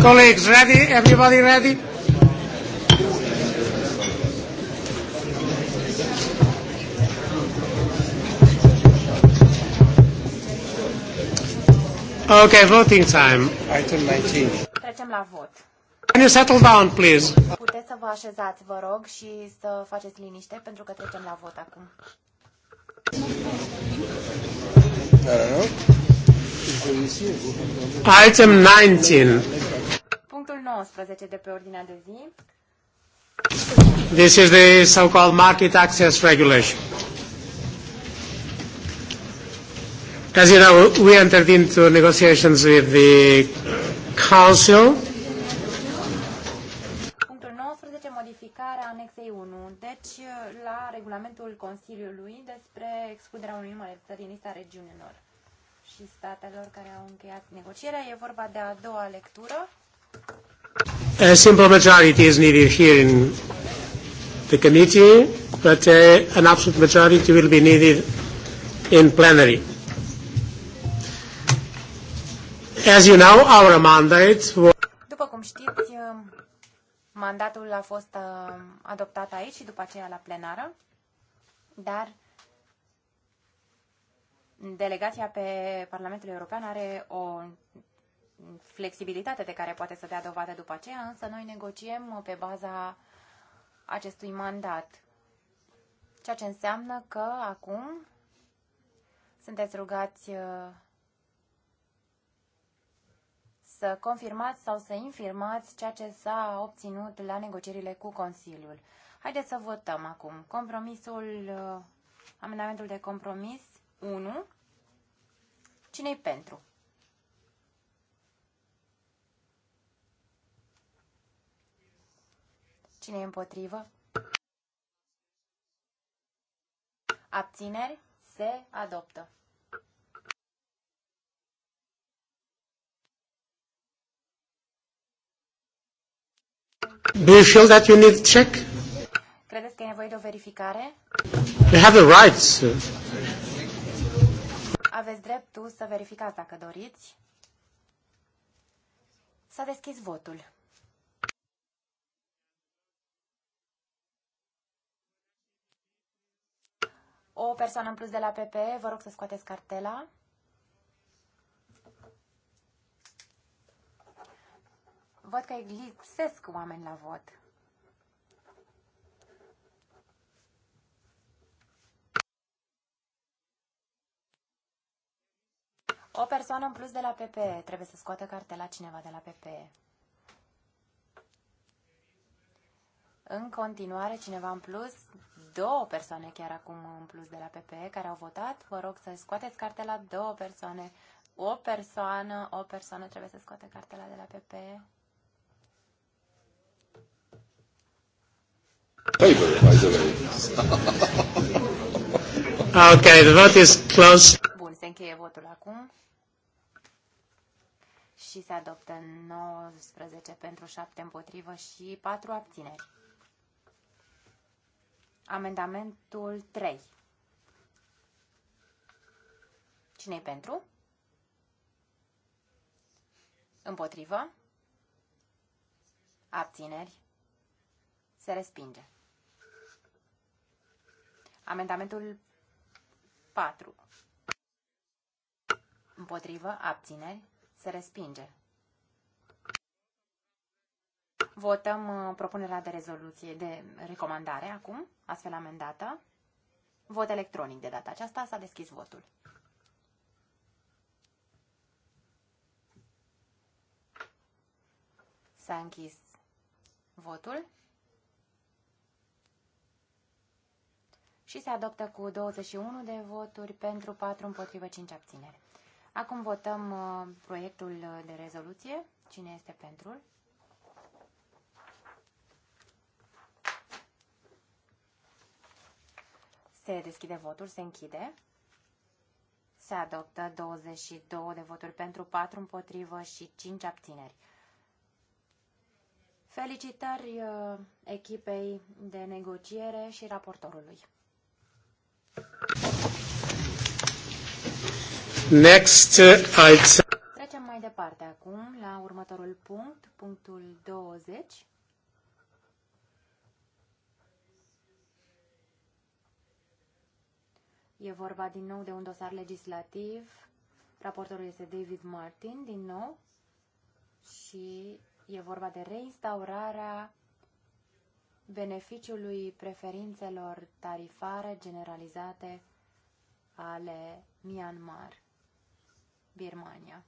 Colleagues, ready? Everybody ready? Okay, voting time. Item 19. Trecem la vot. Can you settle down, please? Puteți să vă așezați, vă rog, și să faceți liniște, pentru că trecem la vot acum. Item 19. Punctul 19 de pe ordinea de zi. This is the so-called market access regulation. As you know, we entered into negotiations with the Council deci uh, la regulamentul Consiliului despre excluderea unui număr de din lista regiunilor și statelor care au încheiat negocierea. E vorba de a doua lectură. A simple majority is needed here in the committee, but uh, an absolute majority will be needed in plenary. As you know, our mandate was... După cum știți, Mandatul a fost uh, adoptat aici și după aceea la plenară, dar delegația pe Parlamentul European are o flexibilitate de care poate să dea dovadă după aceea, însă noi negociem pe baza acestui mandat. Ceea ce înseamnă că acum sunteți rugați uh, să confirmați sau să infirmați ceea ce s-a obținut la negocierile cu Consiliul. Haideți să votăm acum. Compromisul, uh, amendamentul de compromis 1. Cine-i pentru? Cine e împotrivă? Abțineri? Se adoptă. Do you feel that you need check? Credeți că e nevoie de o verificare? You have the rights. Aveți dreptul să verificați dacă doriți. S-a deschis votul. O persoană în plus de la PP, vă rog să scoateți cartela. văd că lipsesc oameni la vot. O persoană în plus de la PP. Trebuie să scoată cartela cineva de la PP. În continuare, cineva în plus, două persoane chiar acum în plus de la PP care au votat. Vă rog să scoateți cartela două persoane. O persoană, o persoană trebuie să scoate cartela de la PP. favor, by the way. okay, the vote is closed. Bun, se încheie votul acum. Și se adoptă 19 pentru 7 împotrivă și 4 abțineri. Amendamentul 3. Cine-i pentru? Împotrivă? Abțineri? Se respinge. Amendamentul 4. Împotrivă, abțineri, se respinge. Votăm uh, propunerea de rezoluție, de recomandare acum, astfel amendată. Vot electronic de data aceasta, s-a deschis votul. S-a închis votul. și se adoptă cu 21 de voturi pentru 4 împotrivă 5 abțineri. Acum votăm uh, proiectul de rezoluție. Cine este pentru? Se deschide votul, se închide. Se adoptă 22 de voturi pentru 4 împotrivă și 5 abțineri. Felicitări uh, echipei de negociere și raportorului. Next uh, item. Trecem mai departe acum la următorul punct, punctul 20. E vorba din nou de un dosar legislativ. Raportorul este David Martin, din nou. Și e vorba de reinstaurarea beneficiului preferințelor tarifare generalizate ale Myanmar, Birmania.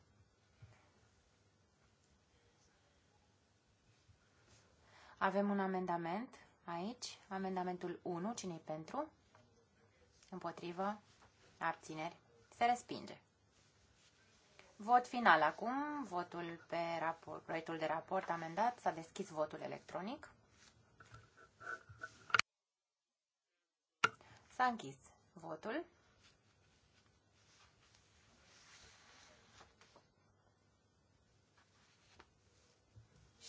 Avem un amendament aici, amendamentul 1, cine pentru? Împotrivă, abțineri, se respinge. Vot final acum, votul pe raport, proiectul de raport amendat, s-a deschis votul electronic. S-a închis votul.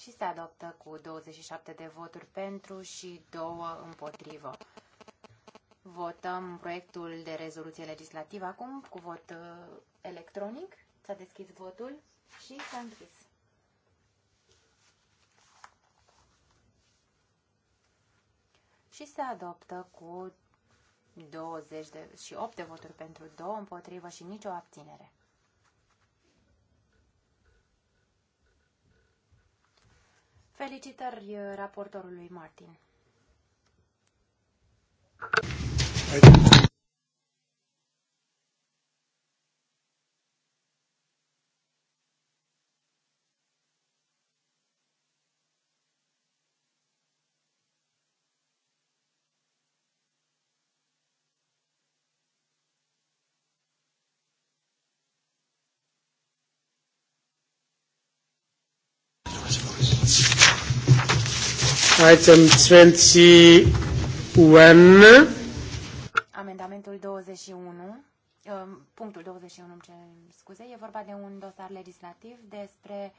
Și se adoptă cu 27 de voturi pentru și 2 împotrivă. Votăm proiectul de rezoluție legislativă acum cu vot uh, electronic. S-a deschis votul și s-a închis. Și se adoptă cu 20 de, și 8 de voturi pentru, 2 împotrivă și nicio abținere. Felicitări uh, raportorului Martin. Item 21. Amendamentul 21. Um, punctul 21, îmi cer scuze, e vorba de un dosar legislativ despre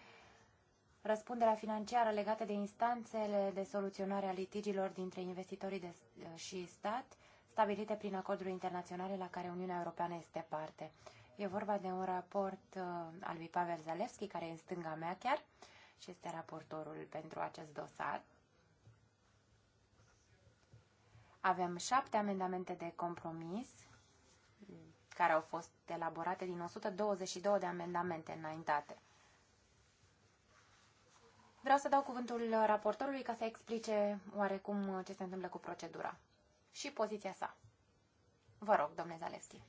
răspunderea financiară legată de instanțele de soluționare a litigilor dintre investitorii de, uh, și stat, stabilite prin acorduri internaționale la care Uniunea Europeană este parte. E vorba de un raport uh, al lui Pavel Zalewski, care e în stânga mea chiar și este raportorul pentru acest dosar. Avem șapte amendamente de compromis care au fost elaborate din 122 de amendamente înaintate. Vreau să dau cuvântul raportorului ca să explice oarecum ce se întâmplă cu procedura și poziția sa. Vă rog, domnule Zaleschi.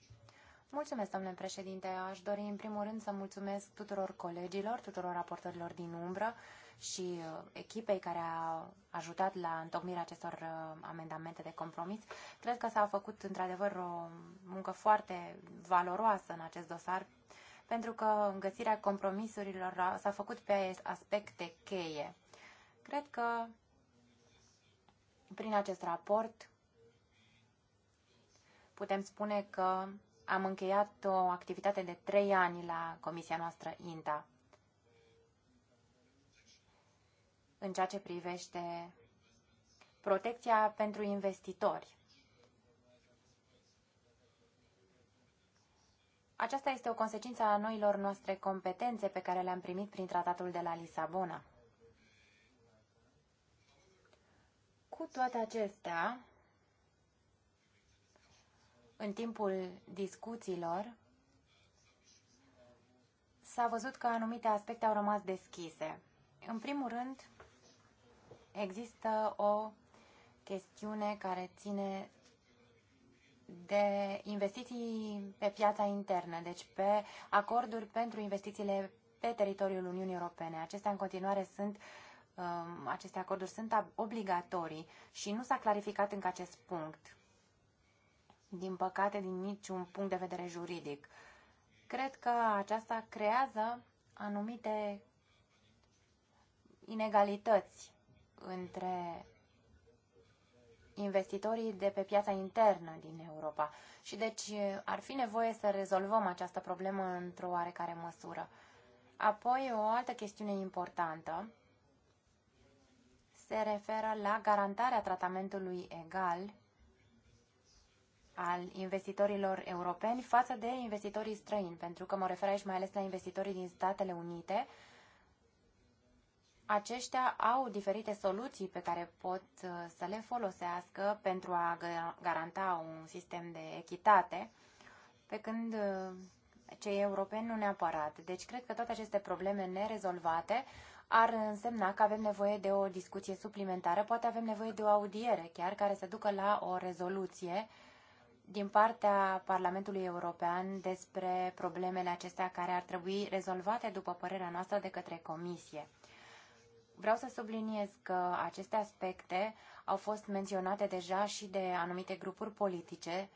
Mulțumesc, domnule președinte. Aș dori, în primul rând, să mulțumesc tuturor colegilor, tuturor raportorilor din umbră și uh, echipei care a ajutat la întocmirea acestor uh, amendamente de compromis. Cred că s-a făcut, într-adevăr, o muncă foarte valoroasă în acest dosar, pentru că găsirea compromisurilor s-a făcut pe aspecte cheie. Cred că prin acest raport putem spune că am încheiat o activitate de trei ani la comisia noastră INTA în ceea ce privește protecția pentru investitori. Aceasta este o consecință a noilor noastre competențe pe care le-am primit prin tratatul de la Lisabona. Cu toate acestea, în timpul discuțiilor s-a văzut că anumite aspecte au rămas deschise. În primul rând, există o chestiune care ține de investiții pe piața internă, deci pe acorduri pentru investițiile pe teritoriul Uniunii Europene. Acestea în continuare sunt um, aceste acorduri sunt obligatorii și nu s-a clarificat încă acest punct din păcate, din niciun punct de vedere juridic. Cred că aceasta creează anumite inegalități între investitorii de pe piața internă din Europa. Și deci ar fi nevoie să rezolvăm această problemă într-o oarecare măsură. Apoi, o altă chestiune importantă se referă la garantarea tratamentului egal al investitorilor europeni față de investitorii străini, pentru că mă refer aici mai ales la investitorii din Statele Unite. Aceștia au diferite soluții pe care pot uh, să le folosească pentru a garanta un sistem de echitate, pe când uh, cei europeni nu neapărat. Deci cred că toate aceste probleme nerezolvate ar însemna că avem nevoie de o discuție suplimentară, poate avem nevoie de o audiere chiar care să ducă la o rezoluție din partea Parlamentului European despre problemele acestea care ar trebui rezolvate, după părerea noastră, de către Comisie. Vreau să subliniez că aceste aspecte au fost menționate deja și de anumite grupuri politice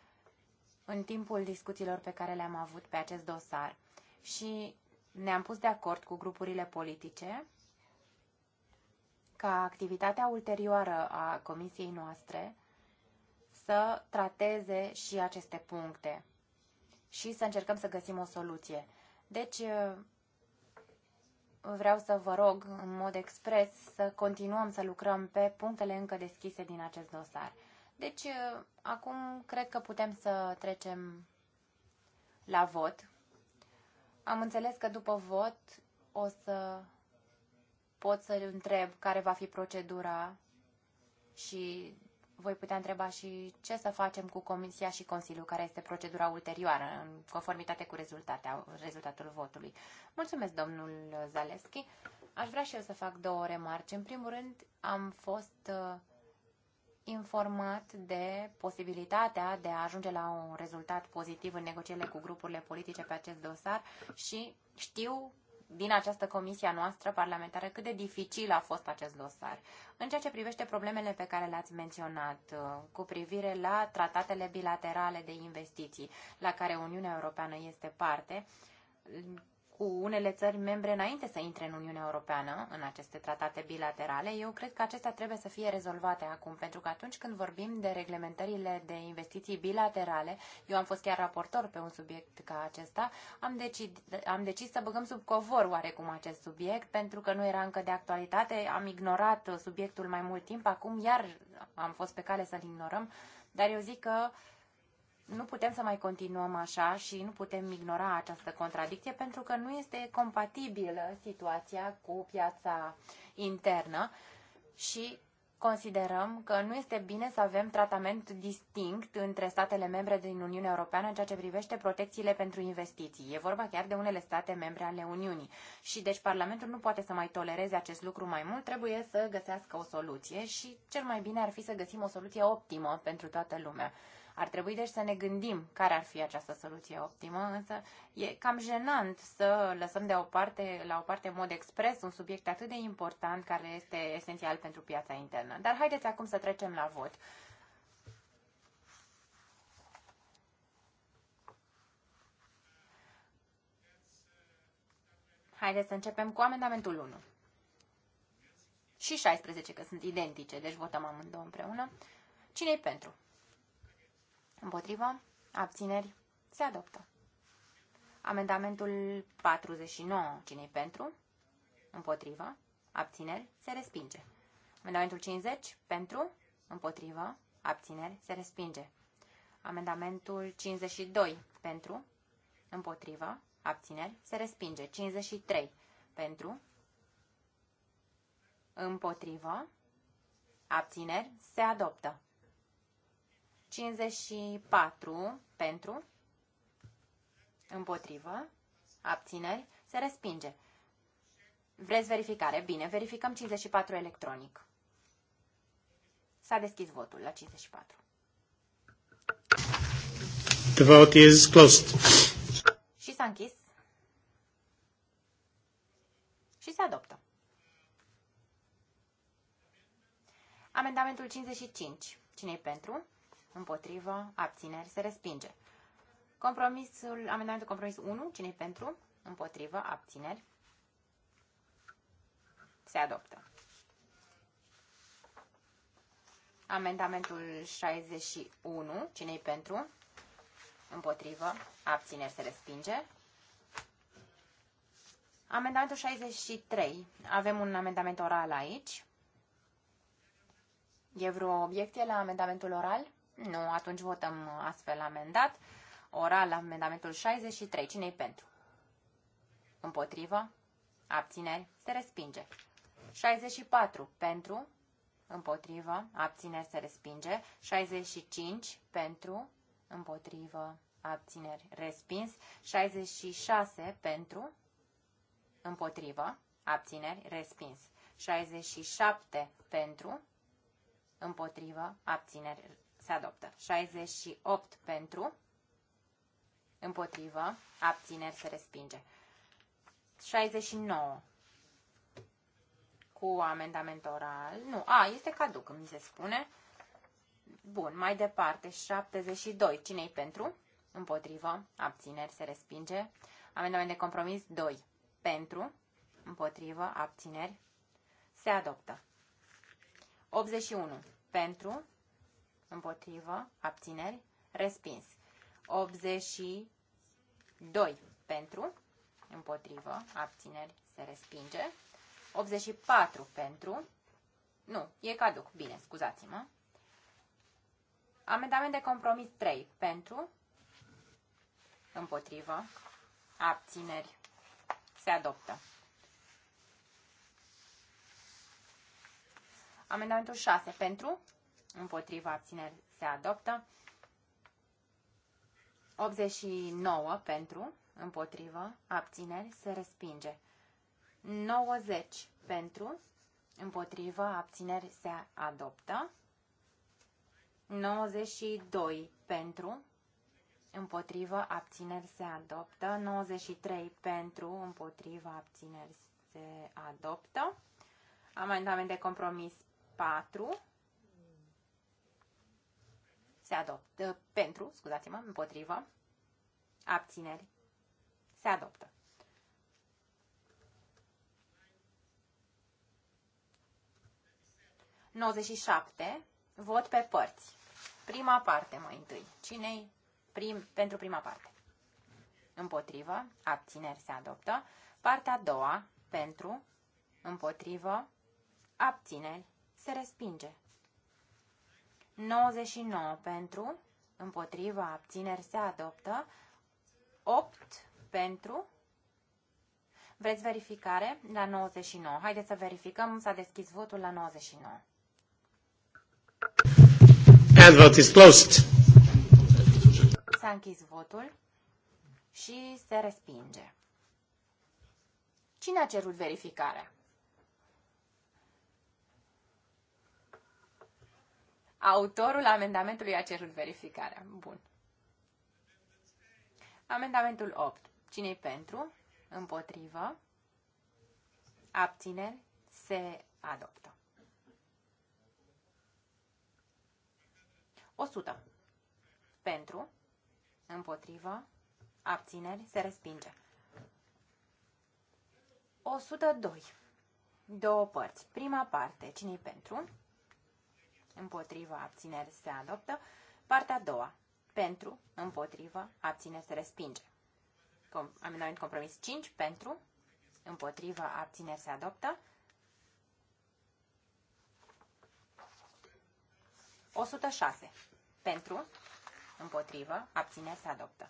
în timpul discuțiilor pe care le-am avut pe acest dosar și ne-am pus de acord cu grupurile politice ca activitatea ulterioară a comisiei noastre să trateze și aceste puncte și să încercăm să găsim o soluție. Deci, uh, vreau să vă rog în mod expres să continuăm să lucrăm pe punctele încă deschise din acest dosar. Deci, uh, acum cred că putem să trecem la vot. Am înțeles că după vot o să pot să întreb care va fi procedura și voi putea întreba și ce să facem cu Comisia și Consiliul, care este procedura ulterioară, în conformitate cu rezultatul votului. Mulțumesc, domnul Zaleschi. Aș vrea și eu să fac două remarci. În primul rând, am fost uh, informat de posibilitatea de a ajunge la un rezultat pozitiv în negocierile cu grupurile politice pe acest dosar și știu din această comisie a noastră parlamentară cât de dificil a fost acest dosar. În ceea ce privește problemele pe care le-ați menționat uh, cu privire la tratatele bilaterale de investiții la care Uniunea Europeană este parte, cu unele țări membre înainte să intre în Uniunea Europeană, în aceste tratate bilaterale, eu cred că acestea trebuie să fie rezolvate acum, pentru că atunci când vorbim de reglementările de investiții bilaterale, eu am fost chiar raportor pe un subiect ca acesta, am, decid, am decis să băgăm sub covor oarecum acest subiect, pentru că nu era încă de actualitate, am ignorat subiectul mai mult timp, acum iar am fost pe cale să-l ignorăm, dar eu zic că uh, nu putem să mai continuăm așa și nu putem ignora această contradicție pentru că nu este compatibilă situația cu piața internă și considerăm că nu este bine să avem tratament distinct între statele membre din Uniunea Europeană în ceea ce privește protecțiile pentru investiții. E vorba chiar de unele state membre ale Uniunii. Și deci Parlamentul nu poate să mai tolereze acest lucru mai mult, trebuie să găsească o soluție și cel mai bine ar fi să găsim o soluție optimă pentru toată lumea. Ar trebui deci să ne gândim care ar fi această soluție optimă, însă e cam jenant să lăsăm de o parte, la o parte în mod expres un subiect atât de important care este esențial pentru piața internă. Dar haideți acum să trecem la vot. Haideți să începem cu amendamentul 1. Și 16, că sunt identice, deci votăm amândouă împreună. Cine-i pentru? Împotrivă? Abțineri? Se adoptă. Amendamentul 49. Cine-i pentru? Împotrivă? Abțineri? Se respinge. Amendamentul 50. Pentru? Împotrivă? Abțineri? Se respinge. Amendamentul 52. Pentru? Împotrivă? Abțineri? Se respinge. 53. Pentru? Împotrivă? Abțineri? Se adoptă. 54 pentru, împotrivă, abțineri, se respinge. Vreți verificare? Bine, verificăm 54 electronic. S-a deschis votul la 54. The vote is closed. Și s-a închis. Și se adoptă. Amendamentul 55. Cine-i pentru? Împotrivă. Abțineri. Se respinge. Compromisul, amendamentul compromis 1. cine pentru? Împotrivă. Abțineri. Se adoptă. Amendamentul 61. cine pentru? Împotrivă. Abțineri. Se respinge. Amendamentul 63. Avem un amendament oral aici. E vreo obiecție la amendamentul oral? Nu, atunci votăm astfel amendat. Oral amendamentul 63. Cine-i pentru? Împotrivă? Abțineri? Se respinge. 64. Pentru? Împotrivă? Abțineri? Se respinge. 65. Pentru? Împotrivă? Abțineri? Respins. 66. Pentru? Împotrivă? Abțineri? Respins. 67. Pentru? Împotrivă? Abțineri? se adoptă. 68 pentru, împotrivă, abțineri, se respinge. 69 cu amendament oral. Nu, a, este caduc, mi se spune. Bun, mai departe, 72. Cine-i pentru? Împotrivă, abțineri, se respinge. Amendament de compromis 2. Pentru, împotrivă, abțineri, se adoptă. 81. Pentru, împotrivă, abțineri, respins. 82 pentru, împotrivă, abțineri, se respinge. 84 pentru, nu, e caduc, bine, scuzați-mă. Amendament de compromis 3 pentru, împotrivă, abțineri, se adoptă. Amendamentul 6 pentru, împotriva abțineri se adoptă. 89 pentru, împotrivă, abțineri se respinge. 90 pentru, împotrivă, abțineri se adoptă. 92 pentru, împotrivă, abțineri se adoptă. 93 pentru, împotrivă, abțineri se adoptă. Amendament de compromis 4 se adoptă. Pentru, scuzați-mă, împotrivă, abțineri, se adoptă. șapte vot pe părți. Prima parte mai întâi. Cine-i prim, pentru prima parte? Împotrivă, abțineri se adoptă. Partea a doua, pentru, împotrivă, abțineri, se respinge. 99 pentru, împotriva abțineri se adoptă. 8 pentru. Vreți verificare la 99? Haideți să verificăm, s-a deschis votul la 99. And vote is closed. S-a închis votul și se respinge. Cine a cerut verificarea? Autorul amendamentului a cerut verificarea. Bun. Amendamentul 8. cine pentru? Împotrivă? Abțineri? Se adoptă. 100. Pentru? Împotrivă? Abțineri? Se respinge. 102. Două părți. Prima parte. cine pentru? împotriva, abțineri, se adoptă. Partea a doua, pentru, împotriva, abțineri, se respinge. Com amendament compromis 5, pentru, împotriva, abțineri, se adoptă. 106, pentru, împotrivă, abțineri, se adoptă.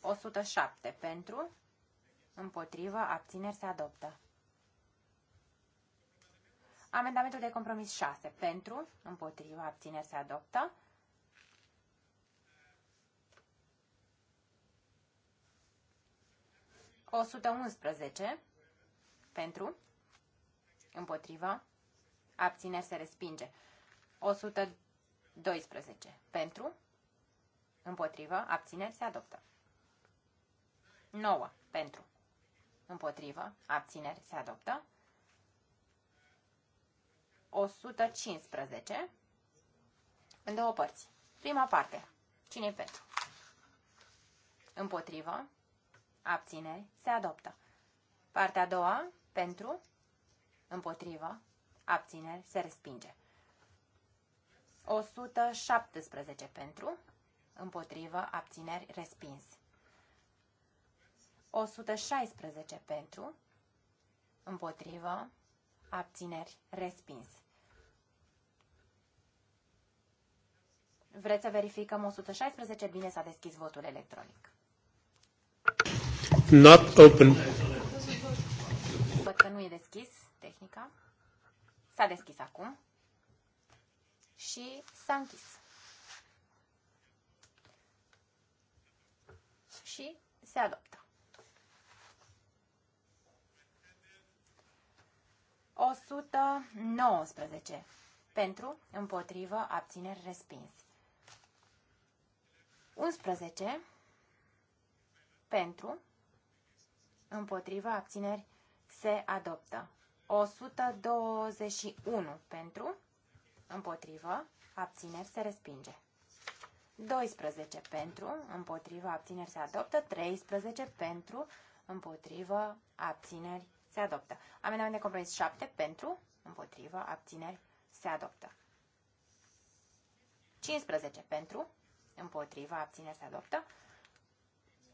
107, pentru, împotrivă, abțineri, se adoptă. Amendamentul de compromis 6. Pentru, împotriva, abțineri se adoptă. O 111 pentru, împotriva, abțineri se respinge. 112 pentru, împotriva abțineri se adoptă. 9 pentru, împotriva abțineri se adoptă. 115 în două părți. Prima parte. cine e pentru? Împotrivă. Abțineri. Se adoptă. Partea a doua. Pentru. Împotrivă. Abțineri. Se respinge. 117 pentru. Împotrivă. Abțineri. Respins. 116 pentru. Împotrivă abțineri, respins. Vreți să verificăm 116? Bine s-a deschis votul electronic. Not open. Văd că nu e deschis tehnica. S-a deschis acum și s-a închis. Și se adoptă. 119. Pentru, împotrivă, abțineri, respins. 11. Pentru, împotrivă, abțineri, se adoptă. 121. Pentru, împotrivă, abțineri, se respinge. 12 pentru, împotrivă, abțineri se adoptă, 13 pentru, împotrivă, abțineri se adoptă. Amendament de compromis 7 pentru, împotrivă, abțineri, se adoptă. 15 pentru, împotrivă, abțineri, se adoptă.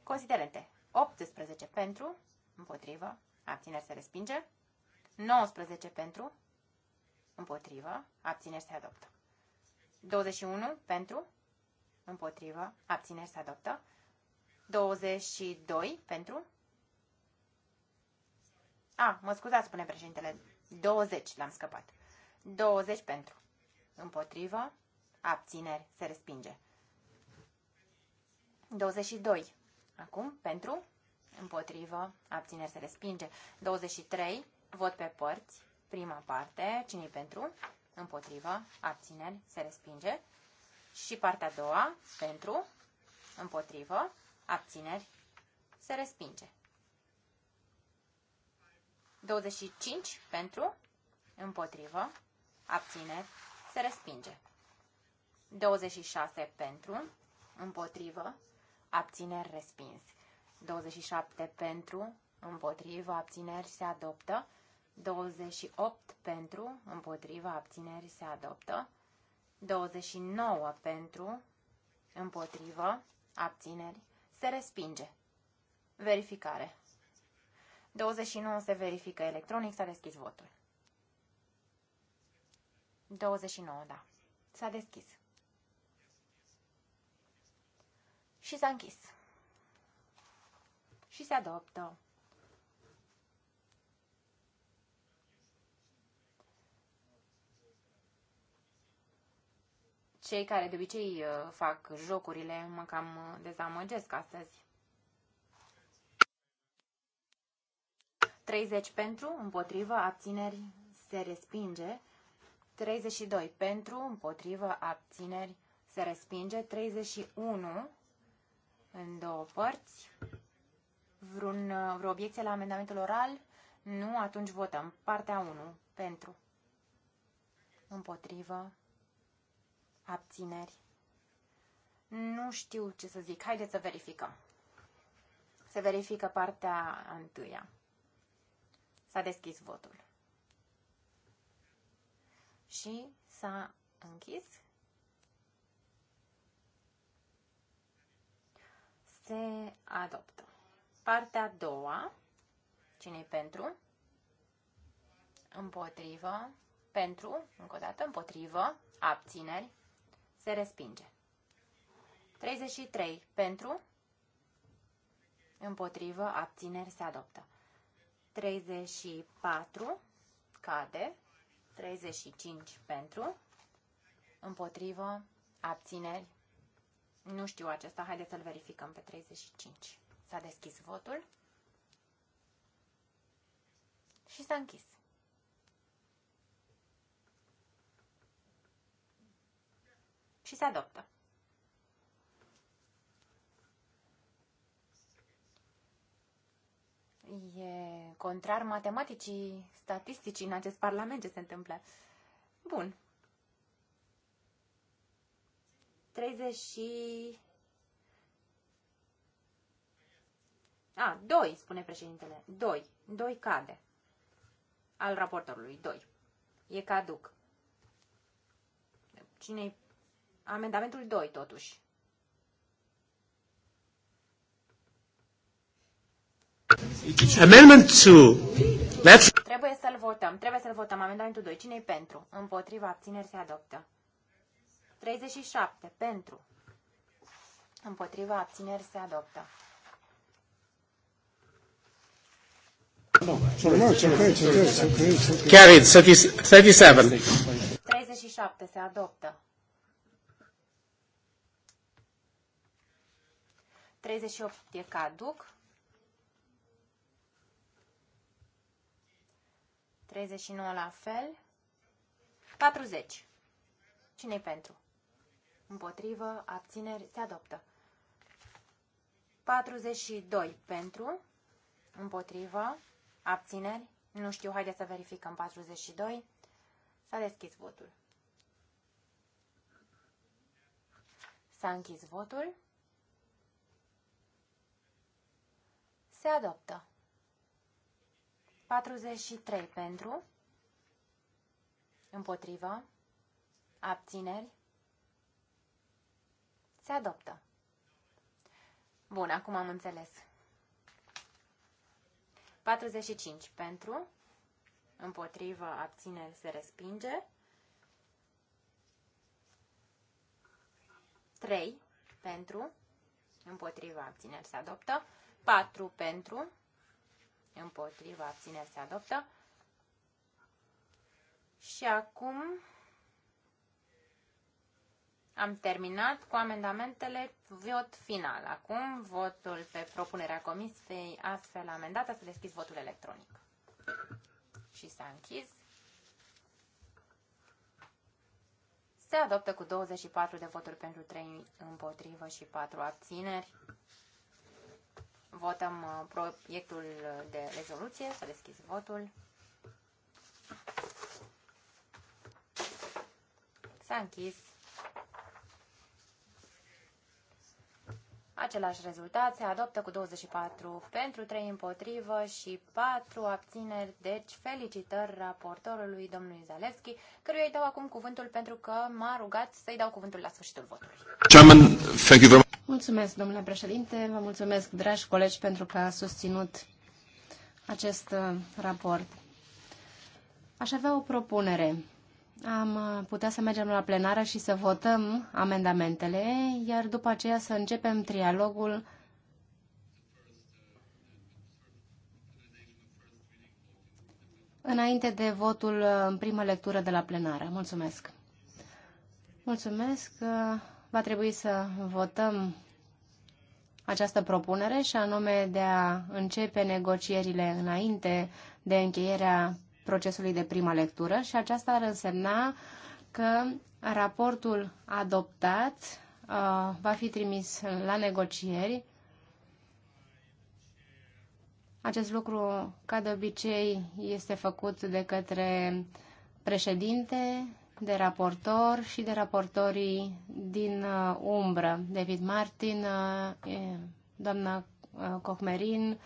Considerente 18 pentru, împotrivă, abțineri, se respinge. 19 pentru, împotrivă, abțineri, se adoptă. 21 pentru, împotrivă, abțineri, se adoptă. 22 pentru, a, ah, mă scuzați, spune președintele. 20, l-am scăpat. 20 pentru. Împotrivă. Abțineri. Se respinge. 22. Acum, pentru. Împotrivă. Abțineri. Se respinge. 23. Vot pe părți. Prima parte. cine pentru? Împotrivă. Abțineri. Se respinge. Și partea a doua. Pentru. Împotrivă. Abțineri. Se respinge. 25 pentru, împotrivă, abțineri, se respinge. 26 pentru, împotrivă, abțineri, respins. 27 pentru, împotrivă, abțineri, se adoptă. 28 pentru, împotrivă, abțineri, se adoptă. 29 pentru, împotrivă, abțineri, se respinge. Verificare. 29 se verifică electronic, s-a deschis votul. 29, da. S-a deschis. Și s-a închis. Și se adoptă. Cei care de obicei uh, fac jocurile mă cam dezamăgesc astăzi. 30 pentru, împotrivă, abțineri, se respinge. 32 pentru, împotrivă, abțineri, se respinge. 31 în două părți. Vreun, vreo obiecție la amendamentul oral? Nu, atunci votăm. Partea 1 pentru, împotrivă, abțineri. Nu știu ce să zic. Haideți să verificăm. Se verifică partea întâia. S-a deschis votul. Și s-a închis. Se adoptă. Partea a doua. Cine-i pentru? Împotrivă. Pentru, încă o dată, împotrivă, abțineri, se respinge. 33. Pentru, împotrivă, abțineri, se adoptă. 34 cade, 35 pentru, împotrivă, abțineri. Nu știu acesta, haideți să-l verificăm pe 35. S-a deschis votul și s-a închis. Și se adoptă. E contrar matematicii, statisticii în acest parlament ce se întâmplă. Bun. 30 și... A, 2, spune președintele. 2. 2 cade. Al raportorului. 2. E caduc. Cine-i? Amendamentul 2, totuși. Amendment 2. Let's... Trebuie să-l votăm. Trebuie să-l votăm. Amendamentul 2. Cine-i pentru? Împotriva abțineri se adoptă. 37. Pentru. Împotriva abțineri se adoptă. Carried 37. 37 se adoptă. 38 e caduc. 39 la fel. 40. cine e pentru? Împotrivă, abțineri, se adoptă. 42 pentru, împotrivă, abțineri, nu știu, haideți să verificăm 42. S-a deschis votul. S-a închis votul. Se adoptă. 43 pentru, împotrivă, abțineri, se adoptă. Bun, acum am înțeles. 45 pentru, împotrivă, abțineri, se respinge. 3 pentru, împotrivă, abțineri, se adoptă. 4 pentru, împotriva, abțineri se adoptă. Și acum am terminat cu amendamentele vot final. Acum votul pe propunerea comisiei astfel amendată să deschis votul electronic. Și s-a închis. Se adoptă cu 24 de voturi pentru 3 împotrivă și 4 abțineri. Votăm uh, proiectul de rezoluție. Să deschizi votul. S-a închis. Același rezultat se adoptă cu 24 pentru 3 împotrivă și 4 abțineri. Deci, felicitări raportorului domnului Zalewski, căruia îi dau acum cuvântul pentru că m-a rugat să-i dau cuvântul la sfârșitul votului. Chairman, thank you very Mulțumesc, domnule președinte, vă mulțumesc, dragi colegi, pentru că a susținut acest uh, raport. Aș avea o propunere. Am uh, putea să mergem la plenară și să votăm amendamentele, iar după aceea să începem trialogul înainte de votul uh, în primă lectură de la plenară. Mulțumesc! Mulțumesc! va trebui să votăm această propunere și anume de a începe negocierile înainte de încheierea procesului de prima lectură și aceasta ar însemna că raportul adoptat uh, va fi trimis la negocieri. Acest lucru, ca de obicei, este făcut de către președinte de raportor și de raportorii din uh, umbră, David Martin, uh, doamna uh, Cochmerin,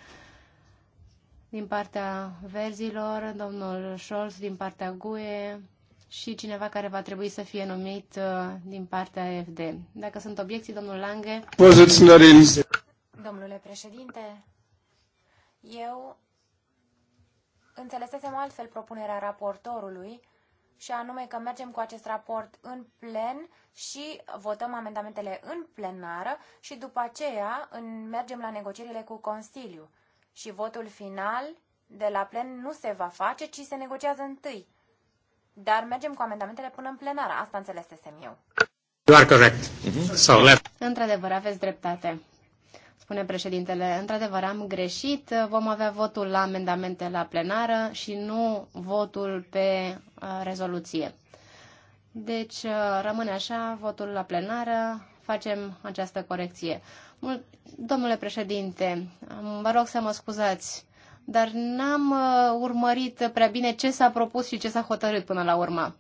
din partea verzilor, domnul Scholz din partea GUE și cineva care va trebui să fie numit uh, din partea FD. Dacă sunt obiecții, domnul Lange. Domnule președinte, eu înțelesesem altfel propunerea raportorului, și anume că mergem cu acest raport în plen și votăm amendamentele în plenară și după aceea mergem la negocierile cu Consiliu. Și votul final de la plen nu se va face, ci se negociază întâi. Dar mergem cu amendamentele până în plenară. Asta înțelesesem eu. You are correct. Mm-hmm. So, Într-adevăr, aveți dreptate spune președintele. Într-adevăr, am greșit. Vom avea votul la amendamente la plenară și nu votul pe uh, rezoluție. Deci, uh, rămâne așa, votul la plenară, facem această corecție. Domnule președinte, um, vă rog să mă scuzați, dar n-am uh, urmărit prea bine ce s-a propus și ce s-a hotărât până la urmă.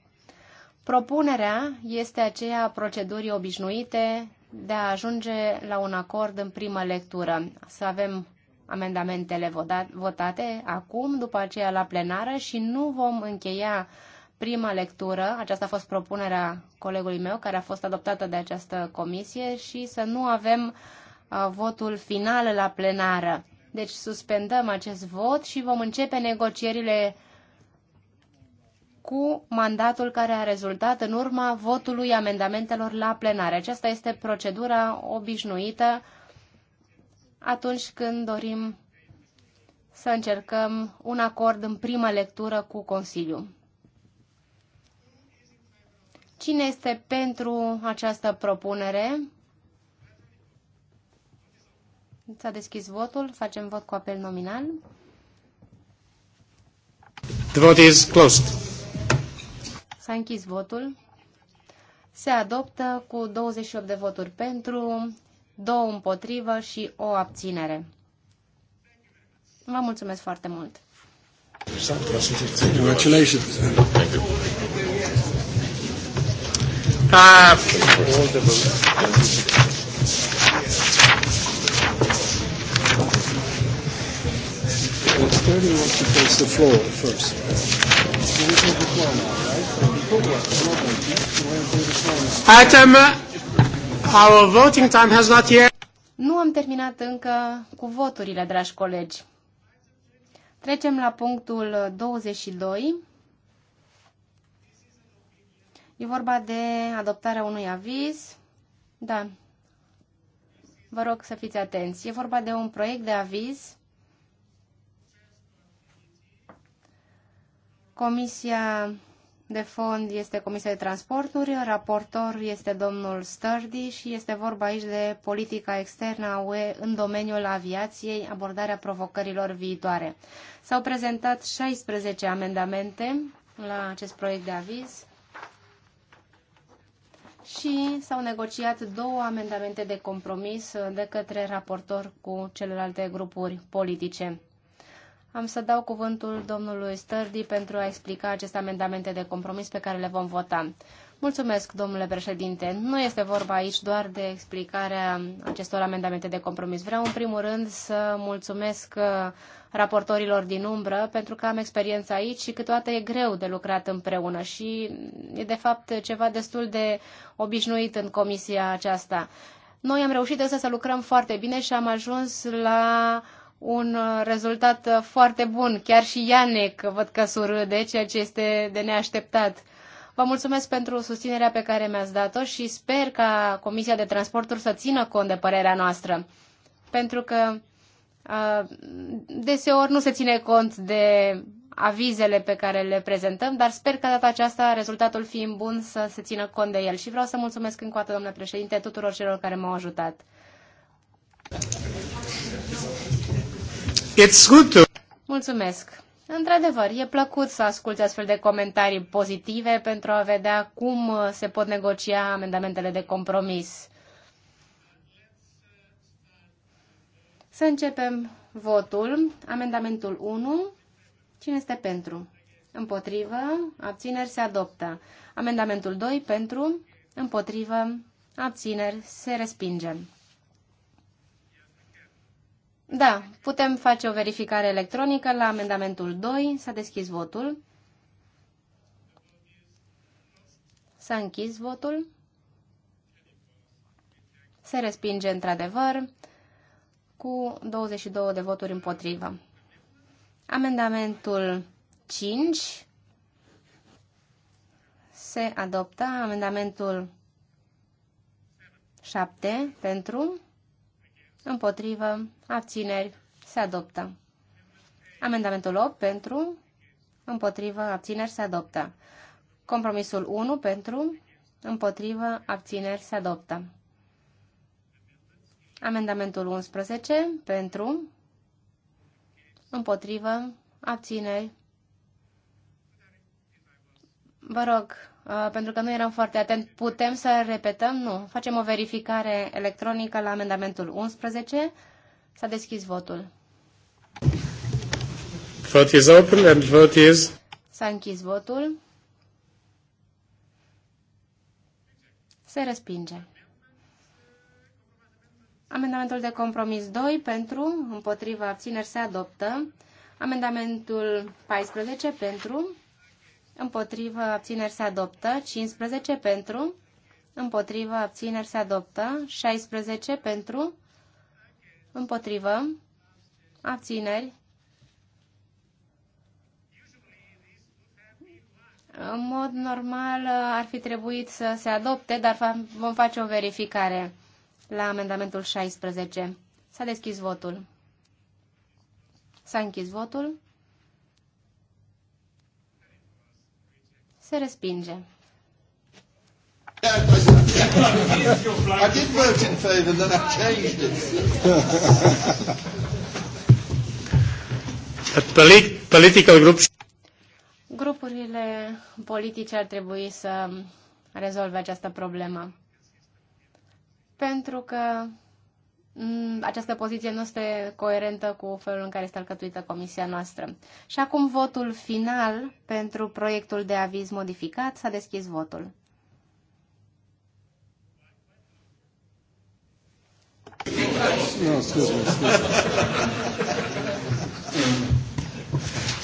Propunerea este aceea a procedurii obișnuite de a ajunge la un acord în primă lectură, să avem amendamentele votate acum, după aceea la plenară și nu vom încheia prima lectură, aceasta a fost propunerea colegului meu care a fost adoptată de această comisie și să nu avem uh, votul final la plenară. Deci suspendăm acest vot și vom începe negocierile uh, cu mandatul care a rezultat în urma votului amendamentelor la plenare. Aceasta este procedura obișnuită atunci când dorim să încercăm un acord în prima lectură cu Consiliul. Cine este pentru această propunere? S-a deschis votul, facem vot cu apel nominal. The vote is closed. S-a închis votul. Se adoptă cu 28 de voturi pentru, 2 împotrivă și o abținere. Vă mulțumesc foarte mult! Congratulations! Thank you. Ah. to place the floor first. Can we take the floor now? Item, our voting time has not yet... Nu am terminat încă cu voturile, dragi colegi. Trecem la punctul 22. E vorba de adoptarea unui aviz. Da. Vă rog să fiți atenți. E vorba de un proiect de aviz. Comisia de fond este Comisia de Transporturi, raportor este domnul Sturdy și este vorba aici de politica externă a UE în domeniul aviației, abordarea provocărilor viitoare. S-au prezentat 16 amendamente la acest proiect de aviz și s-au negociat două amendamente de compromis de către raportor cu celelalte grupuri politice. Am să dau cuvântul domnului Stărdi pentru a explica aceste amendamente de compromis pe care le vom vota. Mulțumesc, domnule președinte. Nu este vorba aici doar de explicarea acestor amendamente de compromis. Vreau, în primul rând, să mulțumesc uh, raportorilor din umbră, pentru că am experiență aici și câteodată e greu de lucrat împreună și e, de fapt, ceva destul de obișnuit în comisia aceasta. Noi am reușit însă să lucrăm foarte bine și am ajuns la un uh, rezultat uh, foarte bun. Chiar și Ianec uh, văd că surâde, ceea ce este de neașteptat. Vă mulțumesc pentru susținerea pe care mi-ați dat-o și sper ca Comisia de Transporturi să țină cont de părerea noastră. Pentru că deseori nu se ține cont de avizele pe care le prezentăm, dar sper că data aceasta rezultatul fiind bun să se țină cont de el. Și vreau să mulțumesc încă o dată, domnule președinte, tuturor celor care m-au ajutat. It's good to... Mulțumesc. Într-adevăr, e plăcut să asculți astfel de comentarii pozitive pentru a vedea cum se pot negocia amendamentele de compromis. Să începem votul. Amendamentul 1. Cine este pentru? Împotrivă. Abțineri se adoptă. Amendamentul 2 pentru. Împotrivă. Abțineri se respinge. Da, putem face o verificare electronică la amendamentul 2. S-a deschis votul. S-a închis votul. Se respinge într-adevăr cu 22 de voturi împotrivă. Amendamentul 5 se adoptă. Amendamentul 7 pentru împotrivă, abțineri, se adoptă. Amendamentul 8 pentru, împotrivă, abțineri, se adoptă. Compromisul 1 pentru, împotrivă, abțineri, se adoptă. Amendamentul 11 pentru, împotrivă, abțineri, Vă rog, uh, pentru că nu eram foarte atent, putem să repetăm? Nu. Facem o verificare electronică la amendamentul 11. S-a deschis votul. Vote is open and vote is... S-a închis votul. Se respinge. Amendamentul de compromis 2 pentru, împotriva abțineri se adoptă. Amendamentul 14 pentru, împotrivă, abțineri se adoptă, 15 pentru, împotrivă, abțineri se adoptă, 16 pentru, împotrivă, abțineri. În mod normal ar fi trebuit să se adopte, dar vom face o verificare la amendamentul 16. S-a deschis votul. S-a închis votul. Se respinge. I did vote in favour, then I changed it. political groups. Grupurile politice ar trebui să rezolve această problemă. Pentru că Mm, această poziție nu este coerentă cu felul în care este alcătuită comisia noastră. Și acum votul final pentru proiectul de aviz modificat. S-a deschis votul.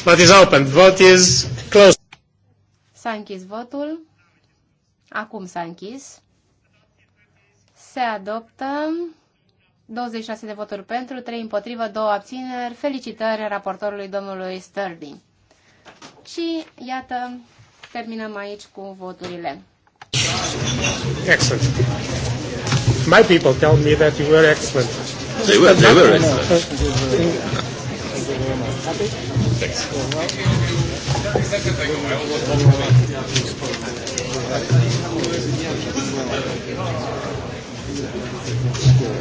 Vote is open. Vote is closed. S-a închis votul. Acum s-a închis. Se adoptă. 26 de voturi pentru, 3 împotrivă, 2 abțineri. Felicitări raportorului domnului Sterling. Și iată, terminăm aici cu voturile. Excellent. My people tell me that you were excellent. They were, they were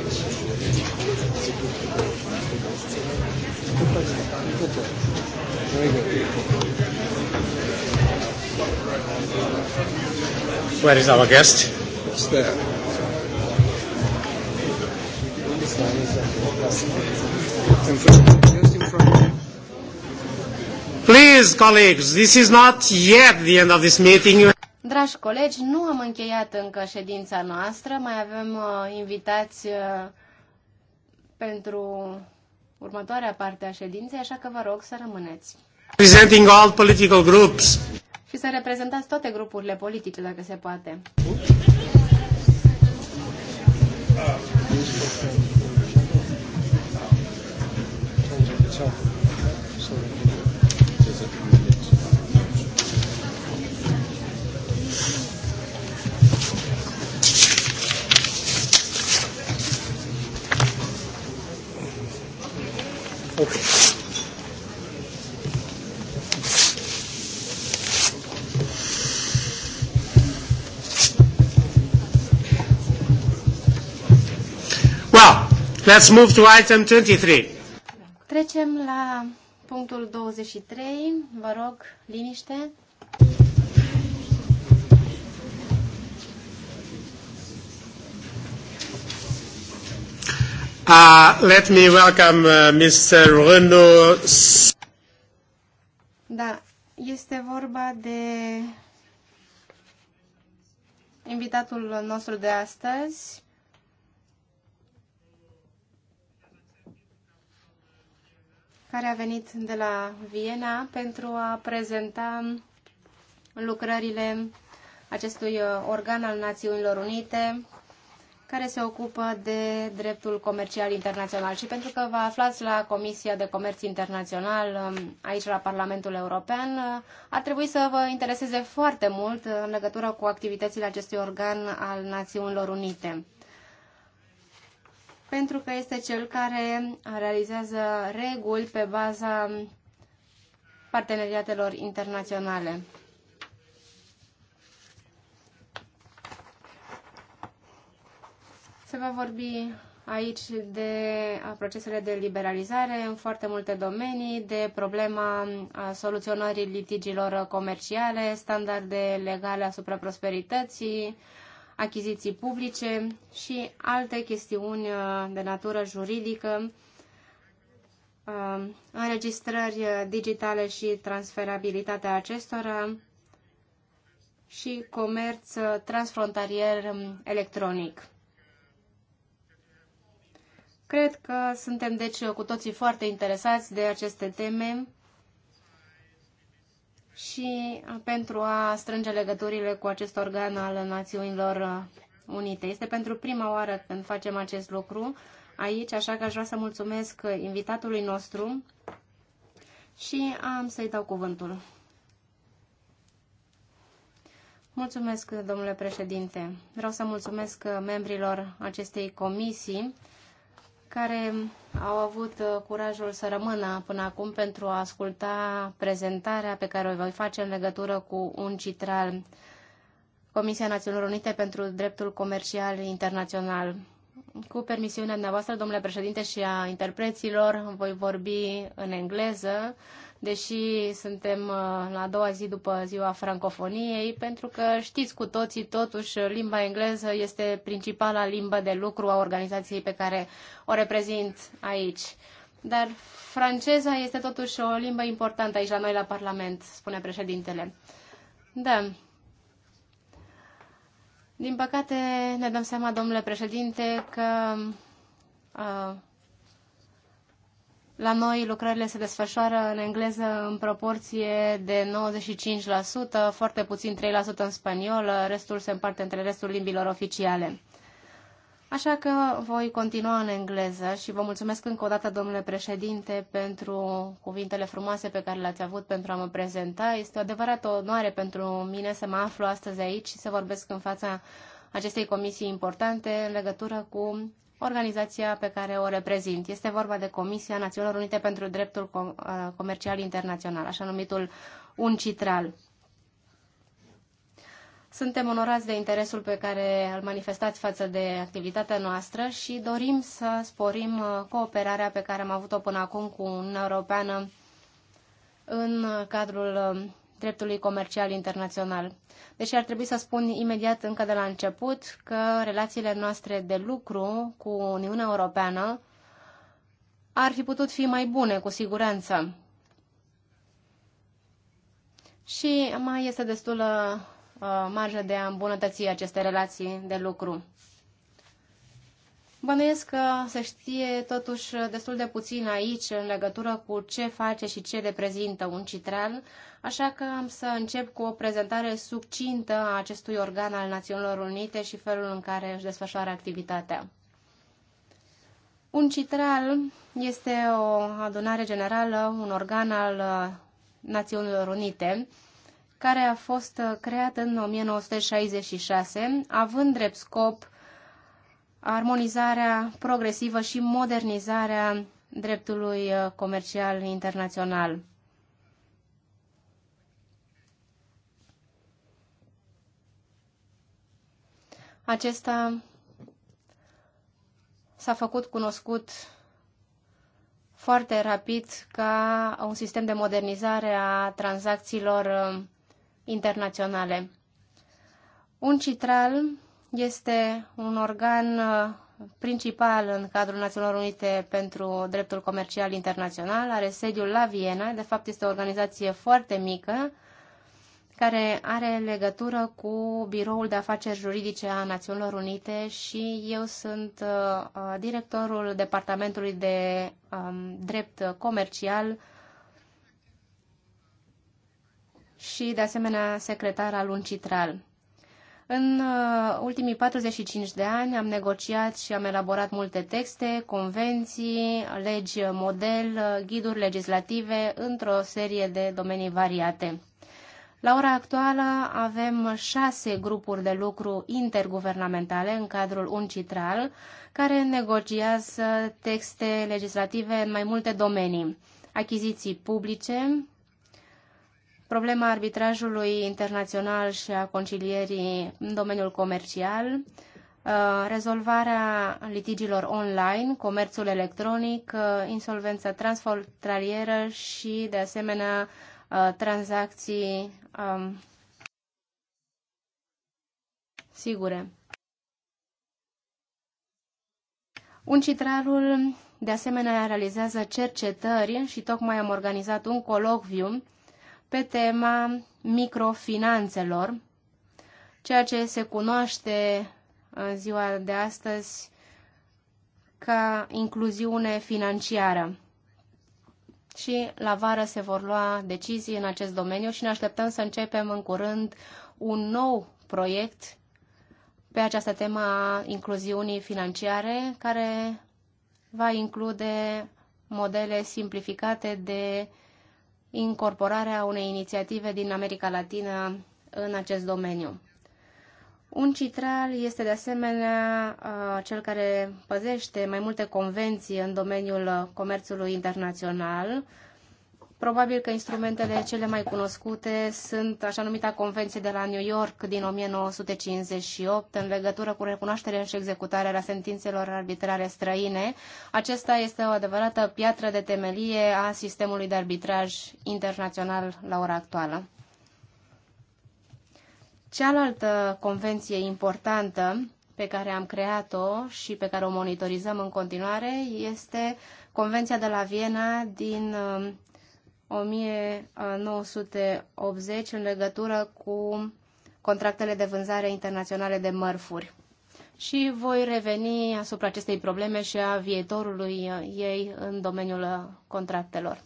excellent. Where is our guest? It's there. Please, colleagues, this is not yet the end of this meeting. Dragi colegi, nu am încheiat încă ședința noastră, mai avem uh, invitați uh, pentru următoarea parte a ședinței, așa că vă rog să rămâneți. Presenting all political groups. Și să reprezentați toate grupurile politice, dacă se poate. Uh. Okay. Well, let's move to item 23. Trecem la punctul 23. Vă rog, liniște. Uh, let me welcome uh, Mr. Renaud. Da, este vorba de invitatul nostru de astăzi. care a venit de la Viena pentru a prezenta lucrările acestui uh, organ al Națiunilor Unite care se ocupă de dreptul comercial internațional. Și pentru că vă aflați la Comisia de Comerț Internațional um, aici la Parlamentul European, uh, ar trebui să vă intereseze foarte mult uh, în legătură cu activitățile acestui organ al Națiunilor Unite. Pentru că este cel care realizează reguli pe baza parteneriatelor internaționale. Se va vorbi aici de procesele de liberalizare în foarte multe domenii, de problema soluționării litigilor comerciale, standarde legale asupra prosperității, achiziții publice și alte chestiuni de natură juridică, înregistrări digitale și transferabilitatea acestora și comerț transfrontalier electronic. Cred că suntem deci cu toții foarte interesați de aceste teme și pentru a strânge legăturile cu acest organ al Națiunilor Unite. Este pentru prima oară când facem acest lucru aici, așa că aș vrea să mulțumesc invitatului nostru și am să-i dau cuvântul. Mulțumesc, domnule președinte. Vreau să mulțumesc membrilor acestei comisii care au avut uh, curajul să rămână până acum pentru a asculta prezentarea pe care o voi face în legătură cu un citral Comisia Națiunilor Unite pentru Dreptul Comercial Internațional. Cu permisiunea dumneavoastră, domnule președinte, și a interpreților, voi vorbi în engleză deși suntem uh, la a doua zi după ziua francofoniei, pentru că știți cu toții, totuși, limba engleză este principala limbă de lucru a organizației pe care o reprezint aici. Dar franceza este totuși o limbă importantă aici la noi la Parlament, spune președintele. Da. Din păcate, ne dăm seama, domnule președinte, că uh, la noi lucrările se desfășoară în engleză în proporție de 95%, foarte puțin 3% în spaniolă, restul se împarte între restul limbilor oficiale. Așa că voi continua în engleză și vă mulțumesc încă o dată, domnule președinte, pentru cuvintele frumoase pe care le-ați avut pentru a mă prezenta. Este o adevărată onoare pentru mine să mă aflu astăzi aici și să vorbesc în fața acestei comisii importante în legătură cu organizația pe care o reprezint. Este vorba de Comisia Națiunilor Unite pentru Dreptul uh, Comercial Internațional, așa numitul UNCITRAL. Suntem onorați de interesul pe care îl manifestați față de activitatea noastră și dorim să sporim uh, cooperarea pe care am avut-o până acum cu Uniunea Europeană în cadrul um, dreptului comercial internațional. Deci ar trebui să spun imediat încă de la început că relațiile noastre de lucru cu Uniunea Europeană ar fi putut fi mai bune, cu siguranță. Și mai este destulă uh, marjă de a îmbunătăți aceste relații de lucru. Bănuiesc că se știe totuși destul de puțin aici în legătură cu ce face și ce reprezintă un citral, așa că am să încep cu o prezentare succintă a acestui organ al Națiunilor Unite și felul în care își desfășoară activitatea. Un citral este o adunare generală, un organ al Națiunilor Unite, care a fost creat în 1966, având drept scop armonizarea progresivă și modernizarea dreptului uh, comercial internațional. Acesta s-a făcut cunoscut foarte rapid ca un sistem de modernizare a tranzacțiilor uh, internaționale. Un citral este un organ uh, principal în cadrul Națiunilor Unite pentru Dreptul Comercial Internațional, are sediul la Viena, de fapt este o organizație foarte mică, care are legătură cu Biroul de Afaceri Juridice a Națiunilor Unite și eu sunt uh, uh directorul Departamentului de um, Drept Comercial și, de asemenea, secretar al Uncitral. În uh, ultimii 45 de ani am negociat și am elaborat multe texte, convenții, legi model, ghiduri legislative într-o serie de domenii variate. La ora actuală avem șase grupuri de lucru interguvernamentale în cadrul UNCITRAL care negociază texte legislative în mai multe domenii. Achiziții publice, problema arbitrajului internațional și a concilierii în domeniul comercial, uh, rezolvarea litigilor online, comerțul electronic, uh, insolvența transfrontalieră și, de asemenea, uh, tranzacții um, sigure. Uncitralul, de asemenea, realizează cercetări și tocmai am organizat un colocviu pe tema microfinanțelor, ceea ce se cunoaște în ziua de astăzi ca incluziune financiară. Și la vară se vor lua decizii în acest domeniu și ne așteptăm să începem în curând un nou proiect pe această temă a incluziunii financiare, care va include modele simplificate de incorporarea unei inițiative din America Latină în acest domeniu. Un citral este de asemenea uh, cel care păzește mai multe convenții în domeniul comerțului internațional, Probabil că instrumentele cele mai cunoscute sunt așa numita convenție de la New York din 1958 în legătură cu recunoașterea și executarea sentințelor arbitrare străine. Acesta este o adevărată piatră de temelie a sistemului de arbitraj internațional la ora actuală. Cealaltă convenție importantă pe care am creat-o și pe care o monitorizăm în continuare este Convenția de la Viena din uh, 1980 în legătură cu contractele de vânzare internaționale de mărfuri. Și voi reveni asupra acestei probleme și a viitorului ei în domeniul contractelor.